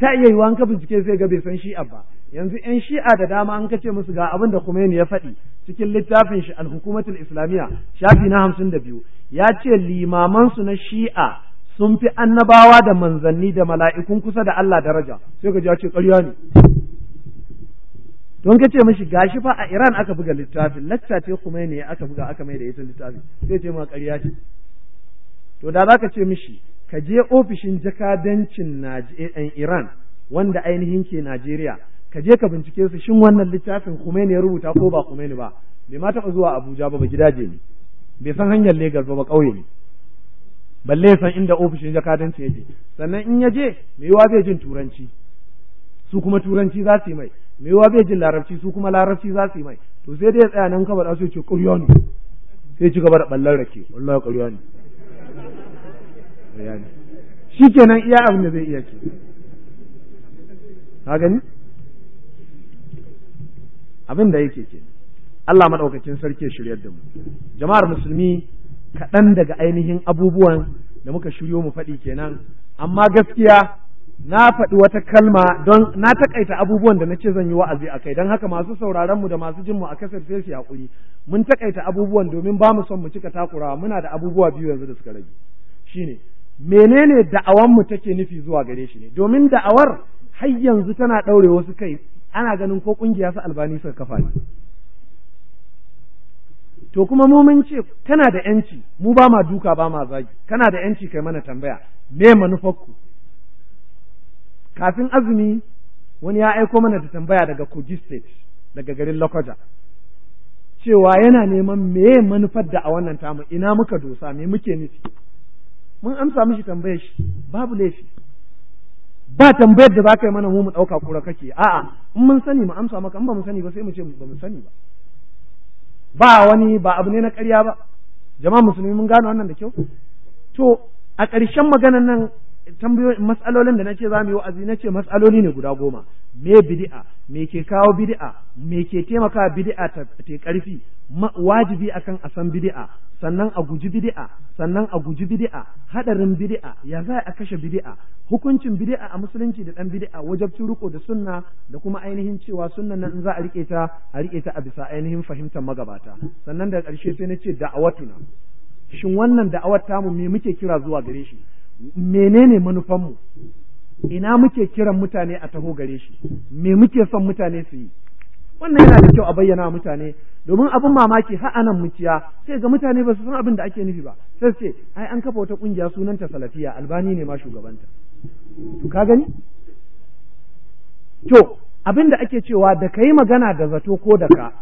ta iya yi wanka bincike zai ga bai san shi'a ba yanzu yan shi'a da dama an kace musu ga abin da kuma ya faɗi cikin littafin shi al-hukumatul islamiyya shafi na hamsin da biyu ya ce limamansu na shi'a sun fi annabawa da manzanni da mala'ikun kusa da Allah daraja sai ka ji ya ce ƙarya ne don ka ce mishi gashi fa a Iran aka buga littafin lacca ce kuma ne aka buga aka mai da ita littafin sai ce ma ƙarya ce to da zaka ce mashi ka je ofishin jakadancin eh, eh, Iran wanda ainihin ke Najeriya ka je ka bincike su shin wannan littafin ne ya rubuta ko ba ne ba bai ma taɓa zuwa Abuja ba ba gidaje ne bai san hanyar Legas ba ba ƙauye ne balle san inda ofishin jakadancin yake sannan in ya je mai yiwa zai jin turanci su kuma turanci za su yi mai me yawa bai jin larabci su kuma larabci za su yi mai to sai dai ya tsaya nan kabar asu ce ƙurya ne sai ci gaba da ballar rake wallahi ƙurya ne Shi ne iya abin da zai iya ke ka gani abin da yake ke Allah maɗaukacin sarki ya shiryar da mu jama'ar musulmi kaɗan daga ainihin abubuwan da muka shiryo mu faɗi kenan amma gaskiya na faɗi wata kalma don na takaita abubuwan da na ce zan yi wa'azi a kai don haka masu sauraron mu da masu jin mu a kasar sai su hakuri mun takaita abubuwan domin ba mu son mu cika takurawa muna da abubuwa biyu yanzu da suka rage shine menene da'awan mu take nufi zuwa gare shi ne domin da'awar har yanzu tana ɗaure wasu kai ana ganin ko kungiya su albani suka kafa ne to kuma mu mun ce kana da yanci mu ba ma duka ba ma zagi kana da yanci kai mana tambaya me manufarku kafin azumi wani ya aiko mana da tambaya daga Kogi State daga garin Lokoja cewa yana neman meye manufar da a wannan tamu ina muka dosa me muke nufi mun amsa mishi tambayar shi babu laifi ba tambayar da ba ka yi mana mu mu ɗauka kura kake a'a in mun sani mu amsa maka in ba mu sani ba sai mu ce ba mu sani ba ba wani ba abu ne na karya ba jama'a musulmi mun gano wannan da kyau to a ƙarshen maganar nan tambayoyin matsalolin da na ce za mu yi wa'azi na ce matsaloli ne guda goma me bid'a me ke kawo bid'a me ke taimaka bid'a ta karfi wajibi akan a san bid'a sannan a guji bid'a sannan a guji bid'a haɗarin bid'a ya za a kashe bid'a hukuncin bid'a a musulunci da ɗan bid'a wajabcin turuko da sunna da kuma ainihin cewa sunnan nan in za a rike ta a rike ta a bisa ainihin fahimtar magabata sannan daga ƙarshe sai na ce da'awatuna shin wannan da'awar tamu me muke kira zuwa gare shi menene manufanmu ina muke kiran mutane a taho gare shi me muke son mutane su yi wannan yana da kyau a bayyana wa mutane domin abin mamaki har anan muciya sai ga mutane ba su san abin da ake nufi ba sai su ce ai an kafa wata kungiya sunanta salafiya albani ne ma shugabanta to ka gani to abin da ake cewa da kai magana da zato ko da ka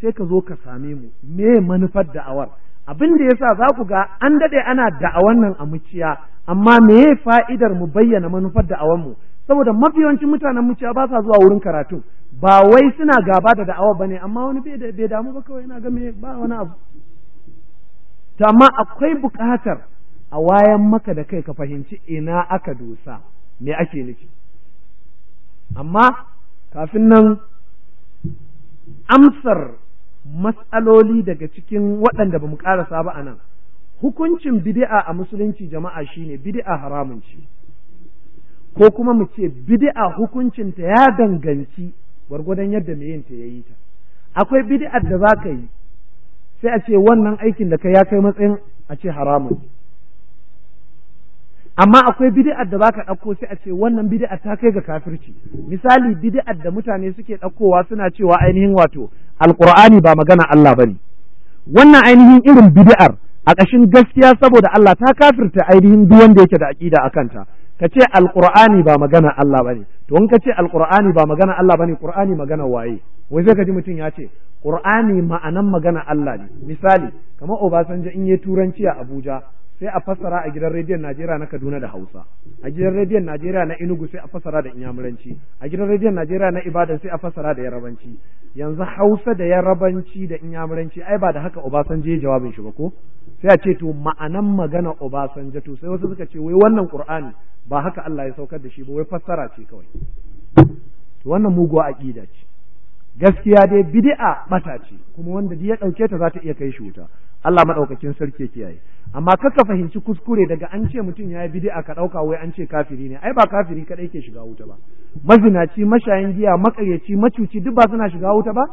sai ka zo ka same mu me manufar da awar? abin da yasa za ku ga an daɗe ana da'awan nan a muciya amma meye fa'idar mu bayyana manufar da'awan mu saboda mafi yawancin mutanen muciya ba sa zuwa wurin karatu ba wai suna gaba da da'awa bane amma wani bai damu ba kawai yana ga ba wani abu to amma akwai buƙatar a wayan maka da kai ka fahimci ina aka dosa me ake nufi amma kafin nan amsar matsaloli daga cikin waɗanda ba mu ƙarasa ba a nan hukuncin bidi'a a musulunci jama'a shine bid'a haramun ce ko kuma mu ce bid'a hukuncinta ya danganci gwargwadon yadda mai yinta ya yi ta akwai bid'ar da za ka yi sai a ce wannan aikin da ka ya kai matsayin a ce haramun amma akwai bid'a da za ka ɗauko sai a ce wannan bid'ar ta kai ga kafirci misali bid'ar da mutane suke ɗaukowa suna cewa ainihin wato alqur'ani ba magana Allah bane wannan ainihin irin bid'ar a ƙashin gaskiya saboda Allah ta kafirta ainihin duk wanda yake da aƙida a kanta ka ce alƙur'ani ba magana Allah bane to in ka ce alƙur'ani ba magana Allah bane ƙur'ani magana waye wai sai ka ji mutum ya ce ƙur'ani ma'anan magana Allah ne misali kamar Obasanjo in yi turanci a Abuja sai a fassara a gidan rediyon Najeriya na Kaduna da Hausa a gidan rediyon Najeriya na Enugu sai a fassara da Inyamuranci a gidan rediyon Najeriya na Ibadan sai a fassara da Yarabanci yanzu Hausa da Yarabanci da Inyamuranci ai ba da haka Obasanje ya jawabin shi ba ko sai a ce to ma'anan magana Obasanjo to sai wasu suka ce wai wannan Qur'ani ba haka Allah ya saukar da shi ba wai fassara ce kawai to wannan muguwa aqida ce gaskiya dai bid'a bata ce kuma wanda ya dauke ta za ta iya kai shi wuta Allah madaukakin sarki kiyaye amma kaka fahimci kuskure daga an ce mutum ya yi bid'a ka ɗauka wai an ce kafiri ne ai ba kafiri kaɗai ke shiga wuta ba mazinaci mashayin giya makaryaci macuci duk ba suna shiga wuta ba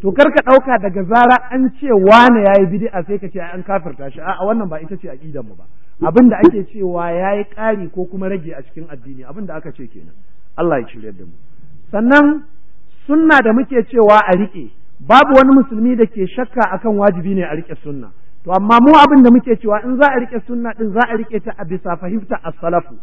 to kar ka ɗauka daga zara an ce wane ya yi bid'a sai ka ce an kafirta shi a'a wannan ba ita ce aqidar mu ba abin da ake cewa ya yi ƙari ko kuma rage a cikin addini abin da aka ce kenan Allah ya shirya da mu sannan sunna da muke cewa a riƙe babu wani musulmi da ke shakka akan wajibi ne a rike sunna to amma mu abin da muke cewa in za a rike sunna ɗin za a rike ta a bisa fahimta as-salafu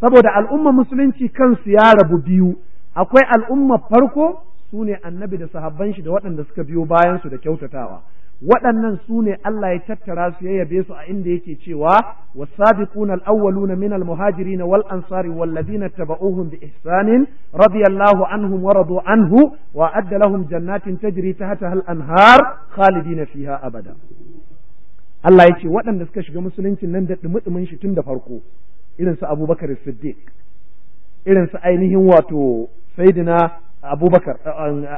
saboda al'umma musulunci kansu ya rabu biyu akwai al'umma farko su ne annabi da sahabban shi da waɗanda suka biyo bayan su da kyautatawa waɗannan su ne Allah ya tattara su ya yabe su a inda yake cewa wasabiquna al-awwaluna min al-muhajirin wal ansari wal ladina tabauhum bi ihsanin radiyallahu anhum wa radu anhu wa adda lahum jannatin tajri tahtaha al-anhar khalidina fiha abada Allah ya ce waɗanda suka shiga musuluncin nan da dumudumin shi tun da farko irin su Abubakar Siddiq irin su ainihin wato Sayyidina Abubakar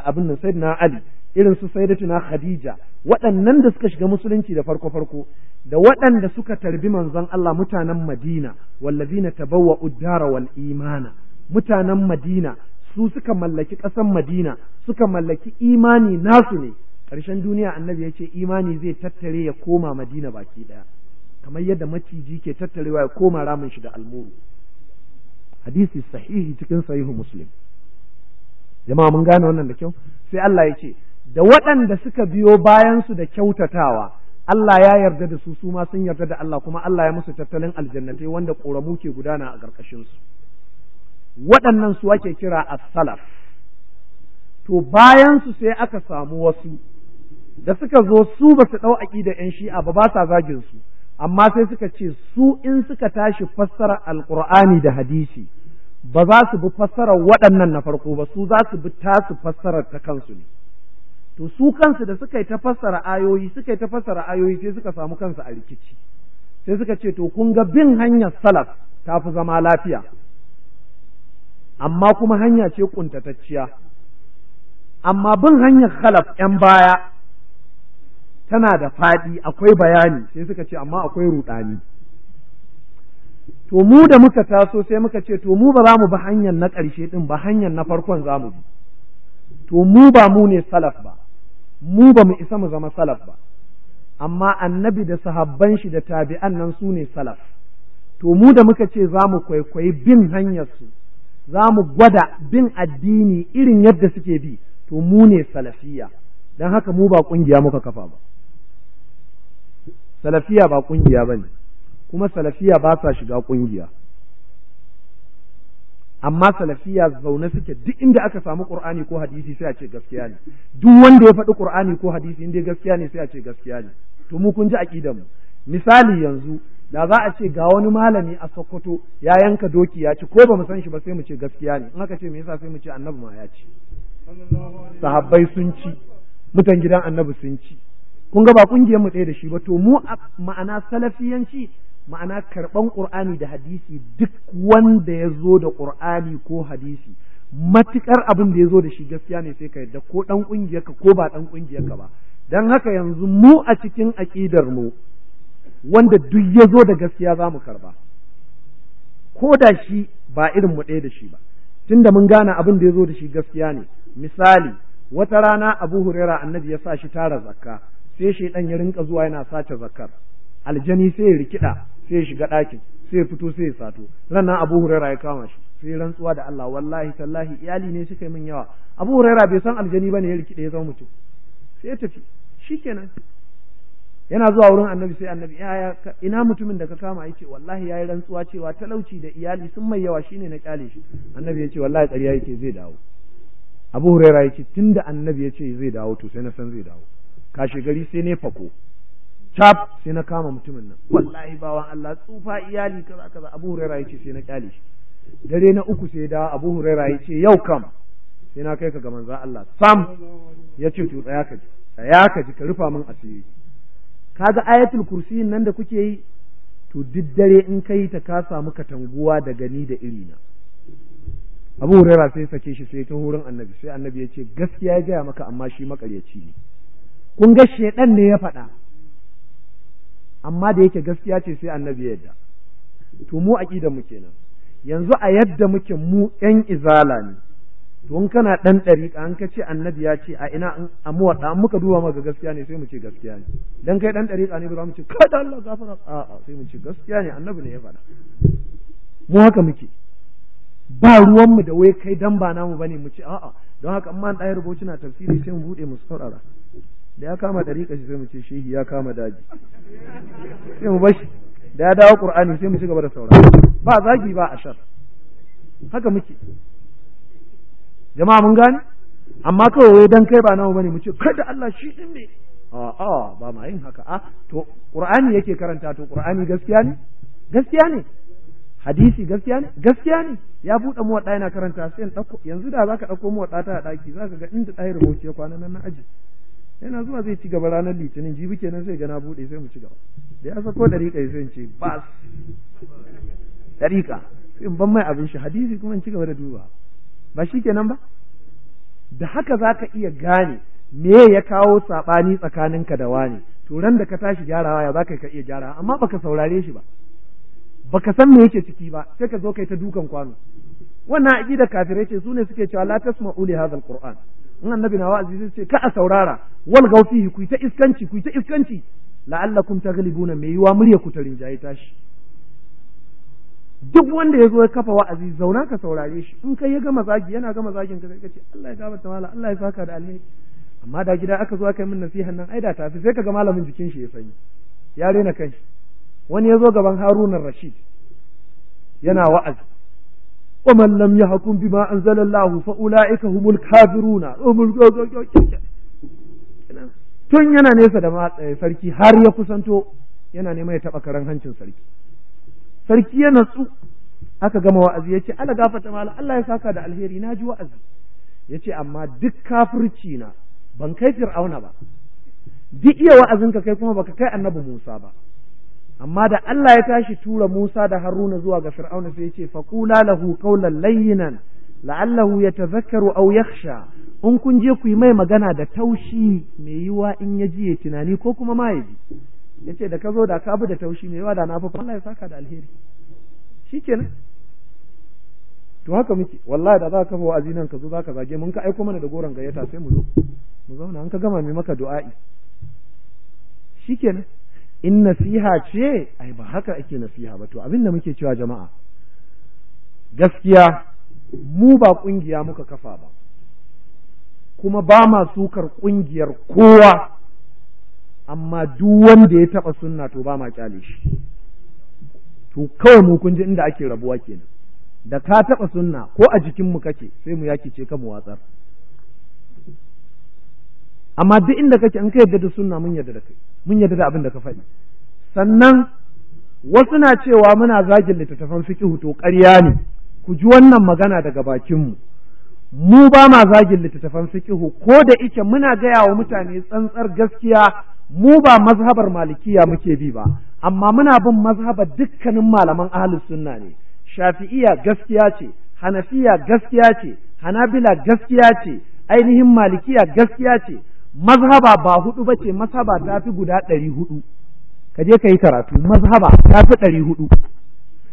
abin nan Sayyidina Ali irin su sayyidatuna khadija waɗannan da suka shiga musulunci da farko farko da waɗanda suka tarbi manzon Allah mutanen Madina wallazina tabawwa uddara wal imana mutanen Madina su suka mallaki ƙasar Madina suka mallaki imani nasu ne Karshen duniya annabi ya ce imani zai tattare ya koma Madina baki ɗaya kamar yadda maciji ke tattarewa ya koma ramin shi da almuru hadisi sahihi cikin sahihu muslim jama'a mun gane wannan da kyau sai Allah ya ce da waɗanda suka biyo bayansu da kyautatawa Allah ya yarda da su su ma sun yarda da Allah kuma Allah ya musu tattalin aljannatai wanda ƙoramu ke gudana a ƙarƙashinsu waɗannan su ake kira as-salaf to bayansu sai aka samu wasu da suka zo su ba su ɗau aƙida ‘yan shi'a ba ba sa zagin su amma sai suka ce su in suka tashi fassara alƙur'ani da hadisi ba za su bi fassarar waɗannan na farko ba su za su bi tasu fassarar ta kansu ne to su kansu da suka yi ta fassara ayoyi suka yi ta fassara ayoyi sai suka samu kansu a rikici sai suka ce to kun ga bin hanyar salaf ta fi zama lafiya amma kuma hanya ce ƙuntatacciya. amma bin hanyar khalaf ‘yan baya tana da faɗi akwai bayani sai suka ce amma akwai ruɗani to mu da muka taso sai muka ce to mu ba za mu bi hanyar na ƙarshe ɗin ba hanyar na farkon za mu bi to mu ba mu ne salaf ba mu ba mu isa mu zama salaf ba amma annabi da sahabban shi da tabi'an nan su ne salaf to mu da muka ce za mu kwaikwayi bin hanyarsu za mu gwada bin addini irin yadda suke bi to mu ne salafiya don haka mu ba kungiya muka kafa ba salafiya ba kungiya ba ne kuma salafiya ba sa shiga kungiya. amma salafiya zaune suke duk inda aka samu qur'ani ko hadisi sai a ce gaskiya ne duk wanda ya faɗi qur'ani ko hadisi inda gaskiya ne sai a ce gaskiya ne to mu kun ji aqidan mu misali yanzu da za a ce ga wani malami a Sokoto ya yanka doki ya ci ko ba mu san shi ba sai mu ce gaskiya ne in aka ce me yasa sai mu ce annabi ma ya ci sahabbai sun ci mutan gidan annabi sun ci kun ga ba kungiyar mu ɗaya da shi ba to mu ma'ana salafiyanci ma'ana karɓan ƙur'ani da hadisi duk wanda ya zo da ƙur'ani ko hadisi matuƙar abin da ya zo da shi gaskiya ne sai ka yarda ko ɗan ƙungiyarka ko ba ɗan ƙungiyarka ba don haka yanzu mu a cikin aƙidar mu wanda duk ya zo da gaskiya za mu karba ko da shi ba irin mu ɗaya da shi ba tunda mun gane abin da ya zo da shi gaskiya ne misali wata rana abu huraira annabi ya sa shi tara zakka sai shaidan ya rinka zuwa yana sace zakkar aljani sai ya rikida sai ya shiga ɗakin sai ya fito sai ya sato ranar abu hurera ya kama shi sai rantsuwa da Allah wallahi tallahi iyali ne suka yi min yawa abu hurera bai san aljani bane ya rikide ya zama mutum sai ya tafi shikenan yana zuwa wurin annabi sai annabi ya ina mutumin da ka kama yace wallahi yayi rantsuwa cewa talauci da iyali sun mai yawa shine na kyale shi annabi yace wallahi ƙarya yake zai dawo abu hurera yace tunda annabi yace zai dawo to sai na san zai dawo kashe gari sai ne fako cap sai na kama mutumin nan wallahi bawan Allah tsufa iyali kaza kaza Abu Hurairah yace sai na kyale shi dare na uku sai da Abu Hurairah yace yau kam sai na kai ka ga manzon Allah sam yace to tsaya ka ji tsaya ka ji ka rufa min asiri kaga ayatul kursi nan da kuke yi to duk dare in kai ta ka samu katanguwa daga ni da irina Abu Hurairah sai sake shi sai ta hurin Annabi sai Annabi yace gaskiya ya gaya maka amma shi makaryaci ne kun ga shedan ne ya faɗa amma da yake gaskiya ce sai annabi yadda to mu aqidar mu kenan yanzu a yadda muke mu ƴan izala ne to in kana ɗan ɗari an ka ce annabi ya ce a ina a mu wada an muka duba maka gaskiya ne sai mu ce gaskiya ne dan kai ɗan dariƙa ne ba za mu ce kada Allah gafara a a sai mu ce gaskiya ne annabi ne ya faɗa mu haka muke ba ruwanmu da wai kai dan ba namu bane mu ce a'a don haka amma an ɗaya rubuci na tafsiri sai mu buɗe mu saurara da ya kama dariƙa shi sai mu ce shehi ya kama daji sai mu bashi da ya dawo qur'ani sai mu ci gaba da saurara ba zagi ba shar haka muke jama'a mun gane amma kawai wai dan kai ba nawa bane mu ce kada Allah shi din ne a'a ba ma yin haka a ah, to qur'ani yake karanta to qur'ani gaskiya ne gaskiya ne hadisi gaskiya ne gaskiya ne ya buɗe mu yana karanta sai yanzu da zaka dauko mu a daki zaka ga inda ɗaya rubuce kwana nan na aji yana zuwa zai ci gaba ranar litinin jibi kenan sai gana bude sai mu ci gaba da ya sako dariƙa sai in ce bas dariƙa in ban mai abin shi hadisi kuma in ci gaba da duba ba shi kenan ba da haka za ka iya gane me ya kawo saɓani tsakaninka da wani to ran da ka tashi gyarawa ya za ka iya gyarawa amma baka saurare shi ba baka san me yake ciki ba sai ka zo kai ta dukan kwano wannan aqida kafirai ce sune suke cewa la tasma'u li hadha alquran in annabi na wa'azi sai ce ka a saurara wal gaufihi ku ta iskanci ku ta iskanci la'allakum taghlibuna mai yuwa murya ku ta rinjaye tashi duk wanda ya zo ya kafa wa'azi zauna ka saurare shi in kai ya gama zagi yana gama zagin ka kace Allah ya gafarta tawala Allah ya saka da alheri amma da gida aka zo aka yi min nasihan nan ai da tafi sai kaga malamin jikin shi ya sanyi ya rena kanshi wani ya zo gaban Haruna Rashid yana wa'azi ومن لم يحكم بما أنزل الله فأولئك هم الكافرون tun yana nesa da sarki har ya kusanto yana neman ya taɓa karen hancin sarki sarki ya natsu aka gama wa'azi ya ce ala gafata mala Allah ya saka da alheri na ji wa'azi ya ce amma duk kafirci na ban kai fir'auna ba duk iya wa'azinka kai kuma baka kai annabi Musa ba amma da Allah ya tashi tura Musa da Haruna zuwa ga Fir'auna sai ya ce faqula lahu qawlan layyinan la'allahu yatazakkaru aw yakhsha in kun je ku yi mai magana da taushi mai yiwa in ya ji ya tunani ko kuma ma ya ji yace da ka zo da ka bi da taushi mai yiwa da na fi Allah ya saka da alheri shikenan to haka muke wallahi da za ka kafa wa'azi nan ka zo za ka zage mun ka aiko mana da goron gayyata sai mu zo mu zauna an ka gama mai maka du'a'i shikenan in nasiha ce ai ba haka ake nasiha ba to abinda muke cewa jama'a gaskiya mu ba ƙungiya muka kafa ba kuma ba ma sukar ƙungiyar kowa amma duk wanda ya taba sunna to ba ma kyale shi to kawai mu kun ji inda ake rabuwa kenan da ka taɓa sunna ko a jikinmu kake sai mu yaki ce ka mu watsar amma duk inda kake an ka yadda da sunna mun yarda da kai mun yarda da abin da ka faɗi sannan wasu na cewa muna zagin littattafan fiqh to ƙarya ne ku ji wannan magana daga bakinmu mu ba ma zagin littattafan fiqihu ko da ike muna gaya wa mutane tsantsar gaskiya mu ba mazhabar malikiya muke bi ba amma muna bin mazhabar dukkanin malaman ahlus sunna ne shafi'iya gaskiya ce hanafiya gaskiya ce hanabila gaskiya ce ainihin malikiya gaskiya ce mazhaba ba hudu ba ce mazhaba ta fi guda ɗari hudu ka je ka yi karatu mazhaba ta fi ɗari hudu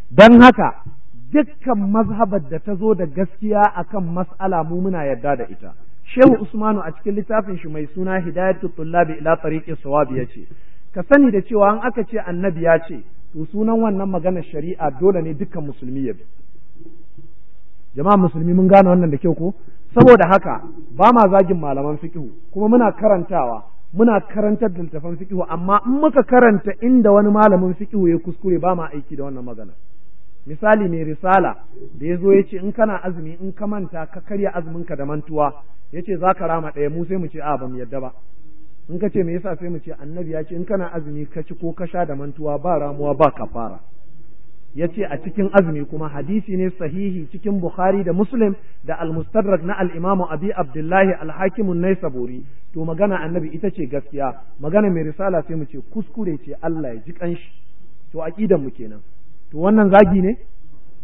don haka dukkan mazhabar da ta zo da gaskiya akan mas'ala mu muna yarda da ita shehu usmanu a cikin littafin shi mai suna hidayatu tullabi ila tariqi ya ce ka sani da cewa an aka ce annabi ya ce to sunan wannan maganar shari'a dole ne dukkan musulmi ya bi jama'a musulmi mun gane wannan da kyau ko saboda haka ba ma zagin malaman fiƙihu kuma muna karantawa muna karantar da littafan fiƙihu amma in muka karanta inda wani malamin fiƙihu ya kuskure ba ma aiki da wannan magana misali mai risala da ya zo ya ce in kana azumi in ka manta ka karya azuminka da mantuwa ya ce za ka rama ɗaya mu sai mu ce a ba mu yadda ba in ka ce me yasa sai mu ce annabi ya ce in kana azumi ka ci ko ka sha da mantuwa ba ramuwa ba kafara ya ce a cikin azumi kuma hadisi ne sahihi cikin Bukhari da Muslim da al-Mustadrak na al-Imam Abi Abdullahi al-Hakim an-Naisaburi to magana annabi ita ce gaskiya magana mai risala sai mu ce kuskure ce Allah ya ji kanshi to aqidan mu kenan to wannan zagi ne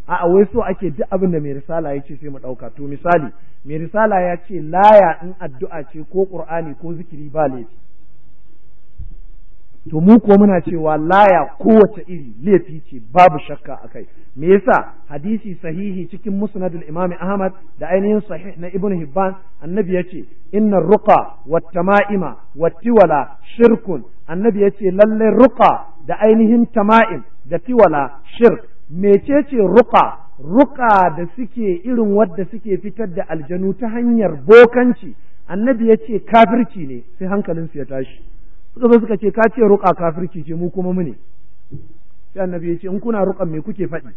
a'a wai so ake duk abin da mai risala ya ce sai mu dauka to misali mai risala ya ce laya in addu'a ce ko Qur'ani ko zikiri ba laifi to mu kuwa muna cewa laya kowace iri laifi ce babu shakka a kai me yasa hadisi sahihi cikin musnadul imam ahmad da ainihin sahih na ibn hibban annabi yace inna ruqa wattama'ima wattiwala shirkun annabi yace lalle ruqa da ainihin tama'im da tiwala shirk mecece ruqa ruqa da suke irin wadda suke fitar da aljanu ta hanyar bokanci annabi yace kafirci ne sai hankalinsu ya tashi suka zo suka ce ka ce ruqa kafirci ce mu kuma mu ne sai annabi ya ce in kuna rukan me kuke faɗi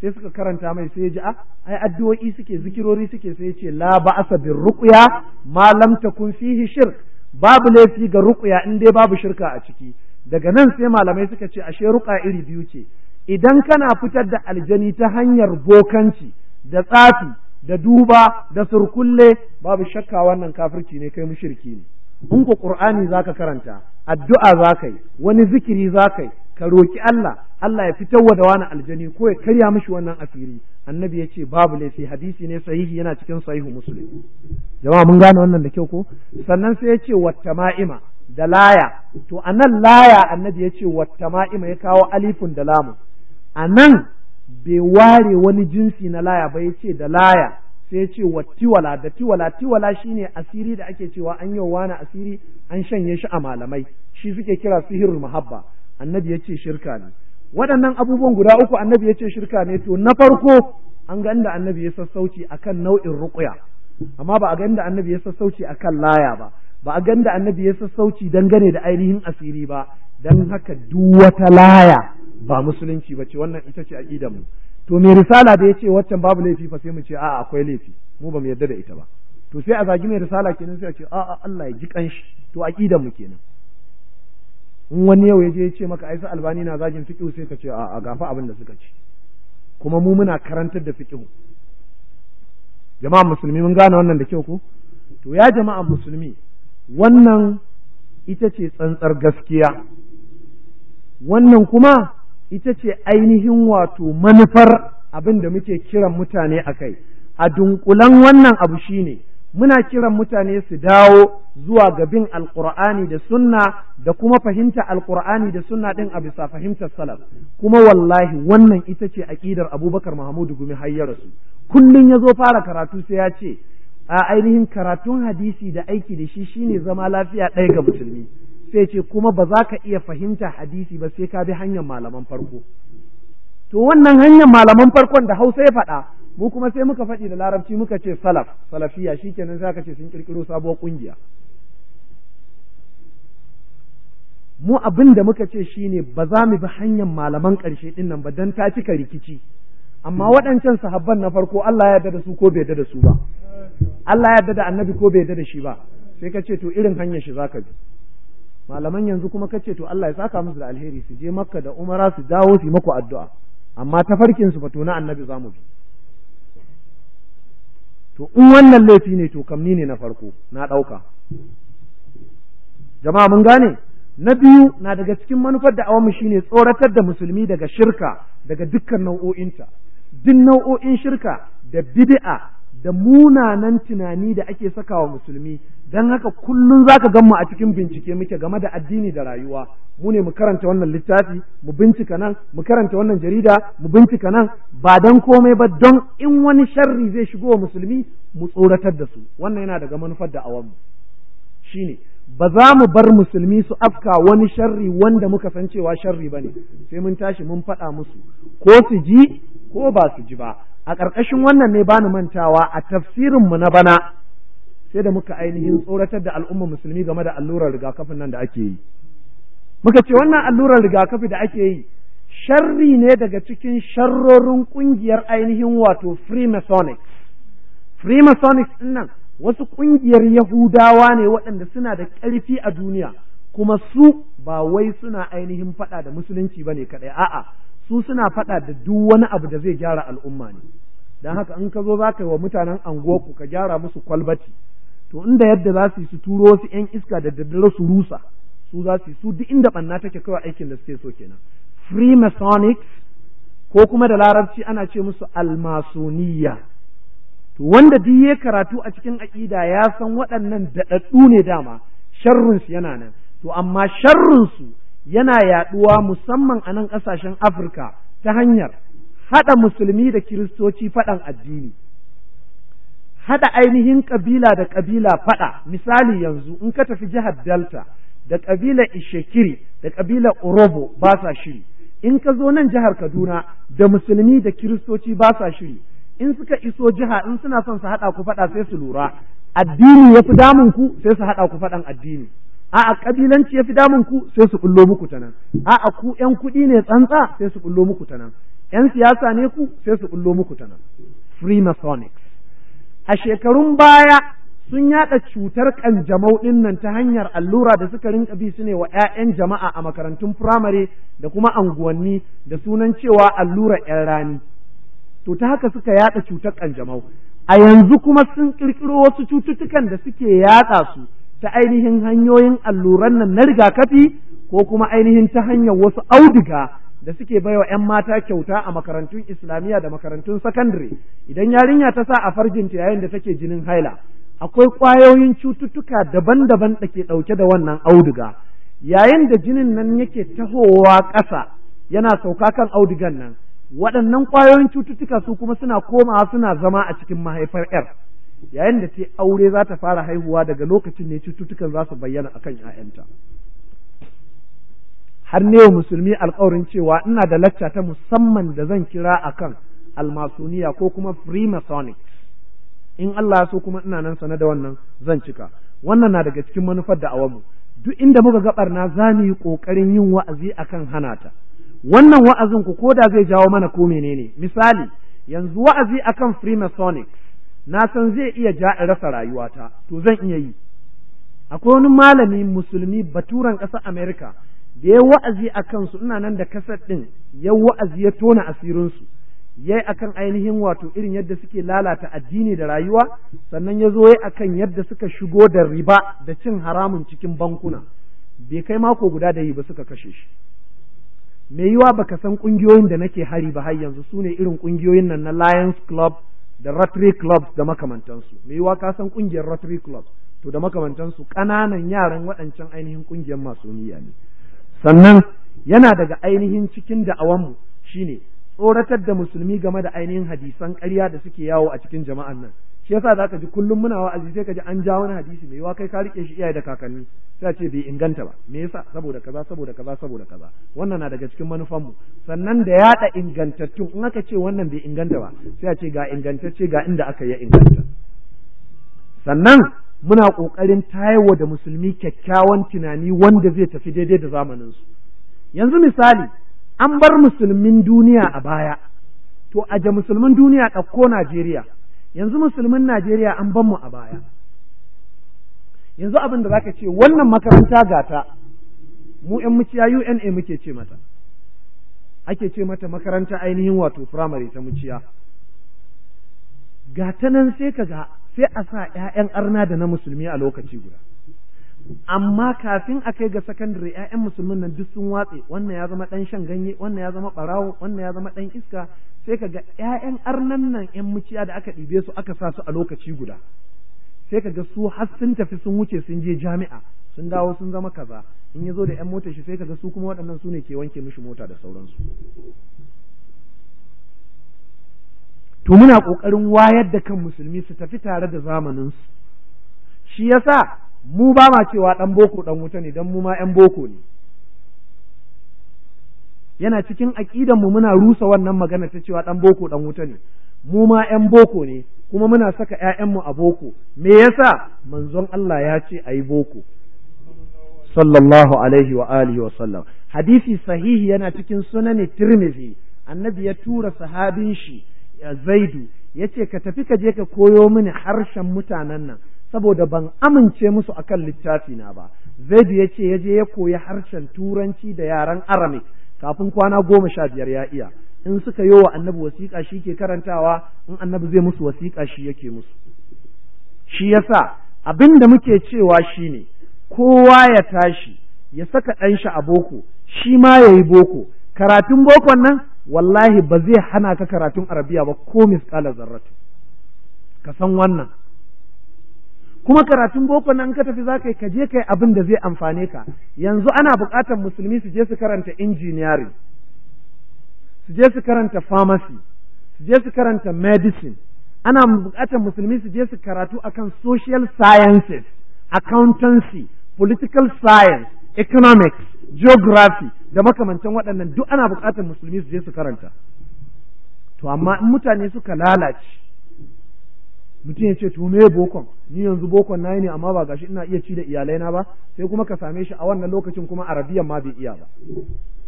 sai suka karanta mai sai ya ji a ah, ai addu'o'i suke zikirori suke sai ya ce la ba'asa bir ruqya ma lam takun fihi shirk babu laifi ga ruqya in dai babu shirka a ciki daga nan sai malamai suka ce ashe ruqa iri biyu ce idan kana fitar da aljani ta hanyar bokanci da tsafi da duba da surkulle babu shakka wannan kafirci ne kai mushriki ne in ku qur'ani zaka karanta addu'a za ka yi wani zikiri za ka yi ka roki Allah Allah ya fitar wa da wani aljani ko ya karya mishi wannan asiri annabi ya ce babu laifi hadisi ne sahihi yana cikin sahihu musulmi jama'a mun gane wannan da kyau ko sannan sai ya ce wata ma'ima da laya to a nan laya annabi ya ce wata ma'ima ya kawo alifun da lamu a nan bai ware wani jinsi na laya ba ya ce da laya sai ya ce wa tiwala da tiwala tiwala shine asiri da ake cewa an yi wani asiri an shanye shi a malamai shi suke kira sihirul mahabba annabi ya ce shirka ne waɗannan abubuwan guda uku annabi ya ce shirka ne to na farko an ga inda annabi ya sassauci akan nau'in rukuya. amma ba a ga inda annabi ya sassauci akan laya ba ba a ga inda annabi ya sassauci dangane da ainihin asiri ba dan haka duk wata laya ba musulunci ba ce wannan ita ce a mu to mai risala da ya ce waccan babu laifi fa sai mu ce a'a akwai laifi mu ba mu yarda da ita ba to sai a zagi mai risala kenan sai a ce a'a Allah ya ji kanshi to aqidan mu kenan in wani yau ya je ya ce maka aisa albani na zagin fiqh sai ka ce a'a gafa abin da suka ci. kuma mu muna karantar da fiqh jama'a musulmi mun gane wannan da kyau ko to ya jama'a musulmi wannan ita ce tsantsar gaskiya wannan kuma ita ce ainihin wato manufar abin da muke kiran mutane a kai a dunkulan wannan abu shine muna kiran mutane su dawo zuwa ga bin alkur'ani da sunna da kuma fahimta alƙur'ani da sunna ɗin a bisa fahimtar salaf kuma wallahi wannan ita ce ƙidar abubakar mahamudu gumi hayyar su ya zo fara karatu sai ya ce a ainihin karatun hadisi da aiki da shi shine zama lafiya ɗaya ga musulmi sai ce kuma ba za ka iya fahimta hadisi ba sai ka bi hanyar malaman farko to wannan hanyar malaman farkon da hausa ya faɗa mu kuma sai muka faɗi da larabci muka ce salaf salafiya shikenan za ka ce sun ƙirƙiro sabuwar ƙungiya mu abin da muka ce shine ba za mu bi hanyar malaman ƙarshe ɗin nan ba don ta cika rikici amma waɗancan sahabban na farko Allah ya yarda da su ko bai da su ba Allah ya yarda da annabi ko bai yarda da shi ba sai ka ce to irin hanyar shi za ka bi malaman yanzu kuma kace to Allah ya saka musu da alheri su je makka da umara su dawo su yi maku addu'a amma ta farkin su fato na annabi zamu bi to in wannan laifi ne to kamni ne na farko na ɗauka jama'a mun gane na biyu na daga cikin manufar da awamu shine tsoratar da musulmi daga shirka daga dukkan nau'o'inta duk nau'o'in shirka da bid'a da munanan tunani da ake sakawa musulmi don haka kullum za ka gama a cikin bincike muke game da addini da rayuwa mu ne mu karanta wannan littafi mu bincika nan mu karanta wannan jarida mu bincika nan ba don komai ba don in wani sharri zai shigo wa musulmi mu tsoratar da su wannan yana daga manufar da awanmu shine ba za mu bar musulmi su afka wani sharri wanda muka san cewa sharri ba ne? sai mun tashi mun faɗa musu ko su ji ko ba su ji ba a ƙarƙashin wannan ne bani mantawa a tafsirinmu na bana sai da muka ainihin tsoratar da al'ummar musulmi game da allurar rigakafin nan da ake yi muka ce wannan allurar rigakafi da ake yi sharri ne daga cikin sharrorin ƙungiyar ainihin wato freemasonics freemasonics nan wasu ƙungiyar yahudawa ne waɗanda suna da ƙarfi a duniya kuma su ba wai suna ainihin faɗa da musulunci ba ne kaɗai a'a su suna faɗa da duk wani abu da zai gyara al'umma ne don haka in ka zo za ka yi wa mutanen anguwarku ka gyara musu kwalbati to inda yadda za su yi su turo wasu yan iska da daddare su rusa su za su yi su duk inda ɓanna take kawai aikin da suke so kenan freemasonics ko kuma da larabci ana ce musu almasoniya to wanda duk ya karatu a cikin aƙida ya san waɗannan daɗaɗɗu ne dama sharrunsu yana nan to amma su yana yaɗuwa musamman a nan ƙasashen afirka ta hanyar haɗa musulmi da kiristoci faɗan addini haɗa ainihin ƙabila da ƙabila faɗa misali yanzu in ka tafi jihar Delta da ƙabilar Ishekiri da ƙabilar Orobo ba sa shiri in ka zo nan jihar Kaduna da musulmi da kiristoci ba sa shiri in suka iso jiha in suna son su haɗa ku faɗa sai su lura addini ya fi damun ku sai su haɗa ku faɗan addini a'a kabilanci ya fi damun ku sai su bullo muku ta nan a'a ku ƴan kuɗi ne tsantsa sai su bullo muku ta nan ƴan siyasa ne ku sai su bullo muku ta nan freemasonics a shekarun baya sun yada cutar kanjamau ɗin nan ta hanyar allura da suka rinka bi su ne wa 'ya'yan jama'a a makarantun firamare da kuma anguwanni da sunan cewa allura 'yan rani to ta haka suka yada cutar kanjamau a yanzu kuma sun kirkiro wasu cututtukan da suke yatsa su ta ainihin hanyoyin alluran nan na rigakafi ko kuma ainihin ta hanyar wasu auduga da suke baiwa 'yan mata kyauta a makarantun islamiyya da makarantun sakandare idan yarinya ta sa a farjinta yayin da take jinin haila akwai ƙwayoyin cututtuka daban-daban da ke ɗauke da wannan auduga yayin da jinin nan yake tahowa ƙasa yana sauka kan audugan nan waɗannan ƙwayoyin cututtuka su kuma suna komawa suna zama a cikin mahaifar 'yar yayin da ta aure za ta fara haihuwa daga lokacin ne cututtukan za su bayyana akan 'ya'yanta. har ne musulmi alkawarin cewa ina da lacca ta musamman da zan kira akan almasuniya ko kuma freemasonic in Allah ya so kuma ina nan sana da wannan zan cika wannan na daga cikin manufar da awamu duk inda muka ga barna za mu yi kokarin yin wa'azi akan hana ta wannan wa'azin ku da zai jawo mana ko menene misali yanzu wa'azi akan freemasonics na san zai iya ja in rasa rayuwata to zan iya yi akwai wani malami musulmi baturan ƙasar America da ya wa'azi a kansu ina nan da kasar ɗin ya wa'azi ya tona asirinsu ya yi kan ainihin wato irin yadda suke lalata addini da rayuwa sannan ya zo ya akan yadda suka shigo da riba da cin haramun cikin bankuna bai kai mako guda da yi ba suka kashe shi mai yiwa ka san ƙungiyoyin da nake hari ba har yanzu su ne irin ƙungiyoyin nan na Lions Club da Rotary clubs da makamantansu mai yiwa ka san ƙungiyar Rotary Club to da makamantansu ƙananan yaran waɗancan ainihin ƙungiyar masoniya ne sannan yana daga ainihin cikin da'awanmu shine tsoratar da musulmi game da ainihin hadisan karya da suke yawo a cikin jama'an nan shi yasa zaka ji kullum muna wa'azi sai ka ji an ja wani hadisi mai yawa kai ka rike shi iyaye da kakanni sai a ce bai inganta ba me yasa saboda kaza saboda kaza saboda kaza wannan na daga cikin manufanmu sannan da yaɗa ingantattun in aka ce wannan bai inganta ba sai a ce ga ingantacce ga inda aka yi inganta sannan muna ƙoƙarin tayarwa da musulmi kyakkyawan tunani wanda zai tafi daidai da zamaninsu yanzu misali an bar musulmin duniya a baya to a ja musulmin duniya ɗauko najeriya yanzu musulmin najeriya an ban mu a baya yanzu abin da zaka ce wannan makaranta gata mu 'yan muciya UNA muke ce mata ake ce mata makaranta ainihin wato firamare ta muciya gata nan sai ka ga sai a sa ‘ya'yan arna da na musulmi a lokaci guda. Amma kafin a kai ga sakandare ‘ya'yan musulmin nan duk sun watse, wannan ya zama ɗan shan ganye, wannan ya zama ɓarawo, wannan ya zama ɗan iska, sai ka ga ‘ya'yan arnan nan ‘yan muciya da aka ɗibe su aka sa su a lokaci guda. Sai ka ga su har sun tafi sun wuce sun je jami'a, sun dawo sun zama kaza, in ya zo da ‘yan motar shi sai ka ga su kuma waɗannan su ne ke wanke mishi mota da sauransu. to muna ƙoƙarin wayar da kan musulmi su tafi tare da zamaninsu shi yasa mu ba ma cewa ɗan boko ɗan wuta ne don mu ma ‘yan boko ne yana cikin aƙidanmu muna rusa wannan magana ta cewa ɗan boko ɗan wuta ne mu ma ‘yan boko ne kuma muna saka ‘ya'yanmu a boko me yasa manzon Allah ya ce a yi boko sallallahu alaihi wa alihi wa sallam hadisi sahihi yana cikin sunani tirmidhi annabi ya tura sahabin shi zaidu ya ce ka tafi ka je ka koyo mini harshen mutanen nan saboda ban amince musu akan littafi na ba zaidu ya ce ya je ya koyi harshen turanci da yaran aramic kafin kwana goma sha biyar ya iya in suka yi wa annabi wasiƙa shi ke karantawa in annabi zai musu wasiƙa shi yake musu shi yasa abin da muke cewa shi ne kowa ya tashi ya saka ɗanshi a boko shi ma ya yi boko karatun bokon nan wallahi ba zai hana ka karatun arabiya ba ko misƙala zarratu ka san wannan kuma karatun boko nan ka tafi zaka yi ka je kai abin da zai amfane ka yanzu ana buƙatar musulmi su je su karanta engineering su je su karanta pharmacy su je su karanta medicine ana buƙatar musulmi su je su karatu akan social sciences accountancy political science economics geography da makamantan waɗannan duk ana buƙatar musulmi su je su karanta to amma in mutane suka lalace mutum ya ce to me bokon ni yanzu bokon nayi ne amma ba gashi ina iya ci da na ba sai kuma ka same shi a wannan lokacin kuma arabiyan ma bai iya ba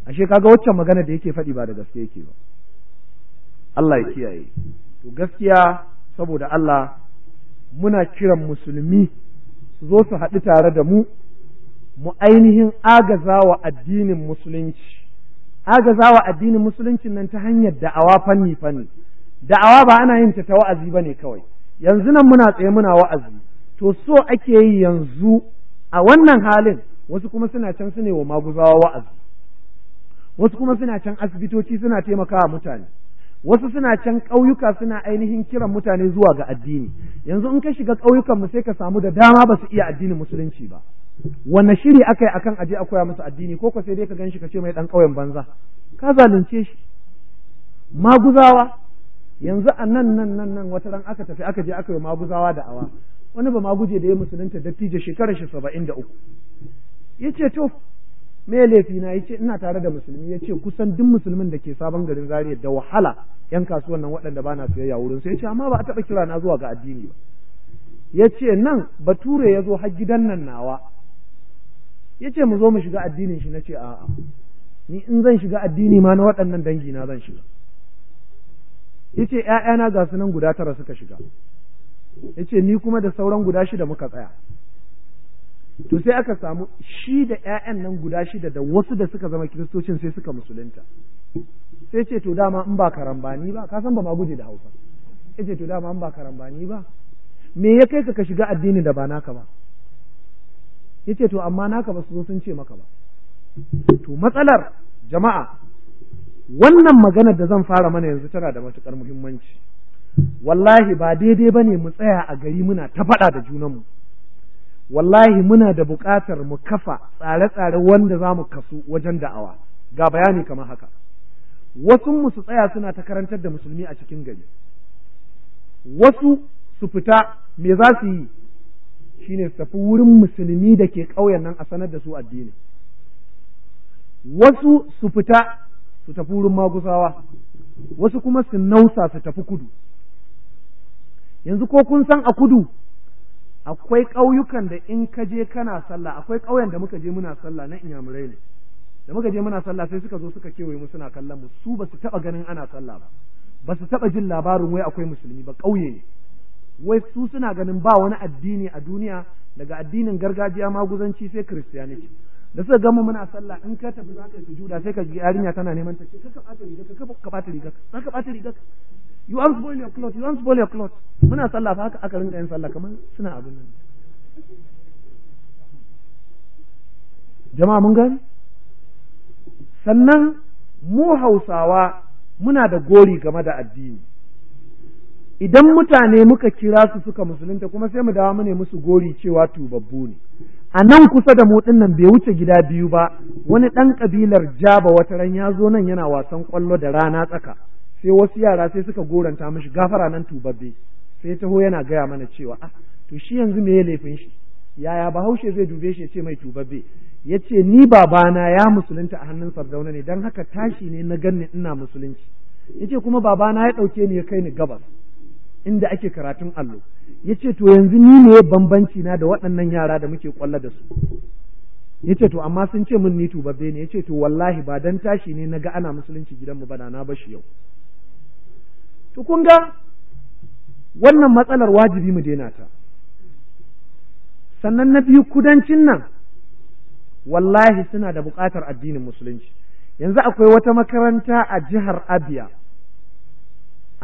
ashe ga waccan magana da yake faɗi ba da gaske yake ba Allah ya kiyaye to gaskiya saboda Allah muna kiran musulmi su zo su haɗu tare da mu mu ainihin agazawa addinin musulunci agazawa addinin musulunci nan ta hanyar da'awa fanni fanni da'awa ba ana yin ta ta wa'azi ba ne kawai yanzu nan muna tsaye muna wa'azi to so ake yi yanzu a wannan halin wasu kuma suna can su ne wa maguzawa wa'azi wasu kuma suna can asibitoci suna taimakawa mutane wasu suna can ƙauyuka suna ainihin kiran mutane zuwa ga addini yanzu in ka shiga ƙauyukan mu sai ka samu da dama ba su iya addinin musulunci ba wanne shiri aka yi akan aje a koya masa addini ko ko sai dai ka ganshi ka ce mai ɗan ƙauyen banza ka zalunce shi maguzawa yanzu a nan nan nan nan wata ran aka tafi aka je aka yi maguzawa da awa wani ba maguje da ya musulunta dattijo shekarar shi saba'in da uku ya ce to me laifi na ya ce ina tare da musulmi ya ce kusan duk musulmin da ke sabon garin Zariya da wahala yan kasuwan nan waɗanda ba na siyayya wurin su Ya ce amma ba a taɓa kira na zuwa ga addini ba Ya ce nan bature ya zo har gidan nan nawa ya ce mu zo mu shiga addinin shi na ce a'a ni in zan shiga addini ma na waɗannan dangi na zan shiga ya ce ‘ya'yana ga su nan guda tara suka shiga ya ce ni kuma da sauran guda shida muka tsaya to sai aka samu shi da ‘ya'yan nan guda shida da wasu da suka zama kiristocin sai suka musulunta sai ce to dama in ba karambani ba ka san ba ma guje da hausa ya ce to dama in ba karambani ba me ya kai ka ka shiga addini da ba naka ba yace to amma naka ba su zo sun ce maka ba to matsalar jama'a wannan maganar da zan fara mana yanzu tana da matukar muhimmanci wallahi ba daidai ba ne mu tsaya a gari muna ta faɗa da mu wallahi muna da buƙatar mu kafa tsare-tsare wanda za mu kasu wajen da'awa ga bayani kamar haka wasu mu su tsaya suna ta karantar da musulmi a cikin gari wasu su fita me za su yi shine su tafi wurin musulmi da ke ƙauyen nan a sanar da su addini wasu su fita su tafi wurin magusawa wasu kuma su nausa su tafi kudu yanzu ko kun san a kudu akwai ƙauyukan da in ka je kana sallah akwai ƙauyen da muka je muna sallah na inyamurai ne da muka je muna sallah sai suka zo suka kewaye mu suna kallon mu su ba su taɓa ganin ana sallah ba ba su taɓa jin labarin wai akwai musulmi ba ƙauye ne wai su suna ganin ba wani addini a duniya daga addinin gargajiya maguzanci sai kiristiyaniki da suka gama muna sallah in ka tafi za ka yi juda sai ka ji yarinya tana neman ta ka bata riga ka ka bata riga ka ka ta riga you want spoil your clothes you want spoil your clothes muna sallah fa haka aka rinka yin sallah kamar suna abin nan jama'a mun gani sannan mu Hausawa muna da gori game da addini idan mutane muka kira su suka musulunta kuma sai mu dawo mu musu gori cewa tubabbu ne a nan kusa da mu nan bai wuce gida biyu ba wani ɗan ƙabilar jaba wata ran ya zo nan yana wasan ƙwallo da rana tsaka sai wasu yara sai suka goranta mishi gafara nan tubabbe sai taho yana gaya mana cewa ah to shi yanzu me ya laifin shi yaya bahaushe zai dube shi ya ce mai tubabbe ya ce ni babana ya musulunta a hannun sardauna ne don haka tashi ne na ganni ina musulunci ya ce kuma babana ya ɗauke ni ya kai ni gabas inda ake karatun allo ya ce to yanzu ni ne bambanci na da waɗannan yara da muke kwalla da su Ya ce to amma sun ce min ni tubabbe ne ce to wallahi ba dan tashi ne na ga ana musulunci gidanmu ba na bashi yau to kun ga wannan matsalar wajibi mu daina ta sannan na biyu kudancin nan wallahi suna da buƙatar addinin musulunci yanzu akwai wata makaranta a jihar Abia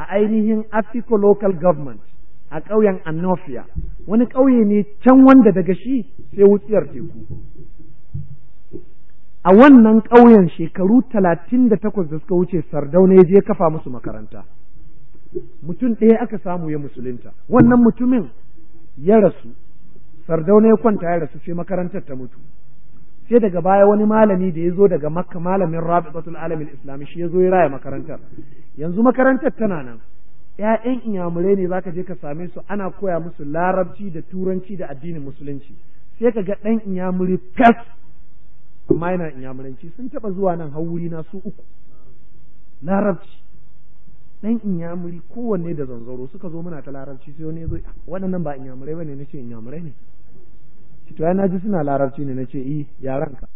a ainihin Africa local government a ƙauyen Anofia wani ƙauye ne can wanda daga shi sai wutsiyar teku a wannan ƙauyen shekaru talatin da takwas da suka wuce sardau ya je kafa musu makaranta mutum ɗaya aka samu ya musulunta wannan mutumin ya rasu sardauna ya kwanta ya rasu sai makarantar ta mutu sai daga baya wani malami da ya zo daga makka malamin rabi'atul alamin islami shi ya zo ya raya makarantar yanzu makarantar tana nan ‘ya'yan inyamurai ne za ka je ka same su ana koya musu larabci da turanci da addinin musulunci sai ka ga ɗan inyamuri fes amma yana inyamuranci sun taɓa zuwa nan hauri na su uku larabci ɗan inyamuri kowanne da zanzaro suka zo muna ta larabci sai wani zai ah, waɗannan ba inyamurai ba ne na ce inyamurai ne to ya naji suna larabci ne na ce yi eh, yaranka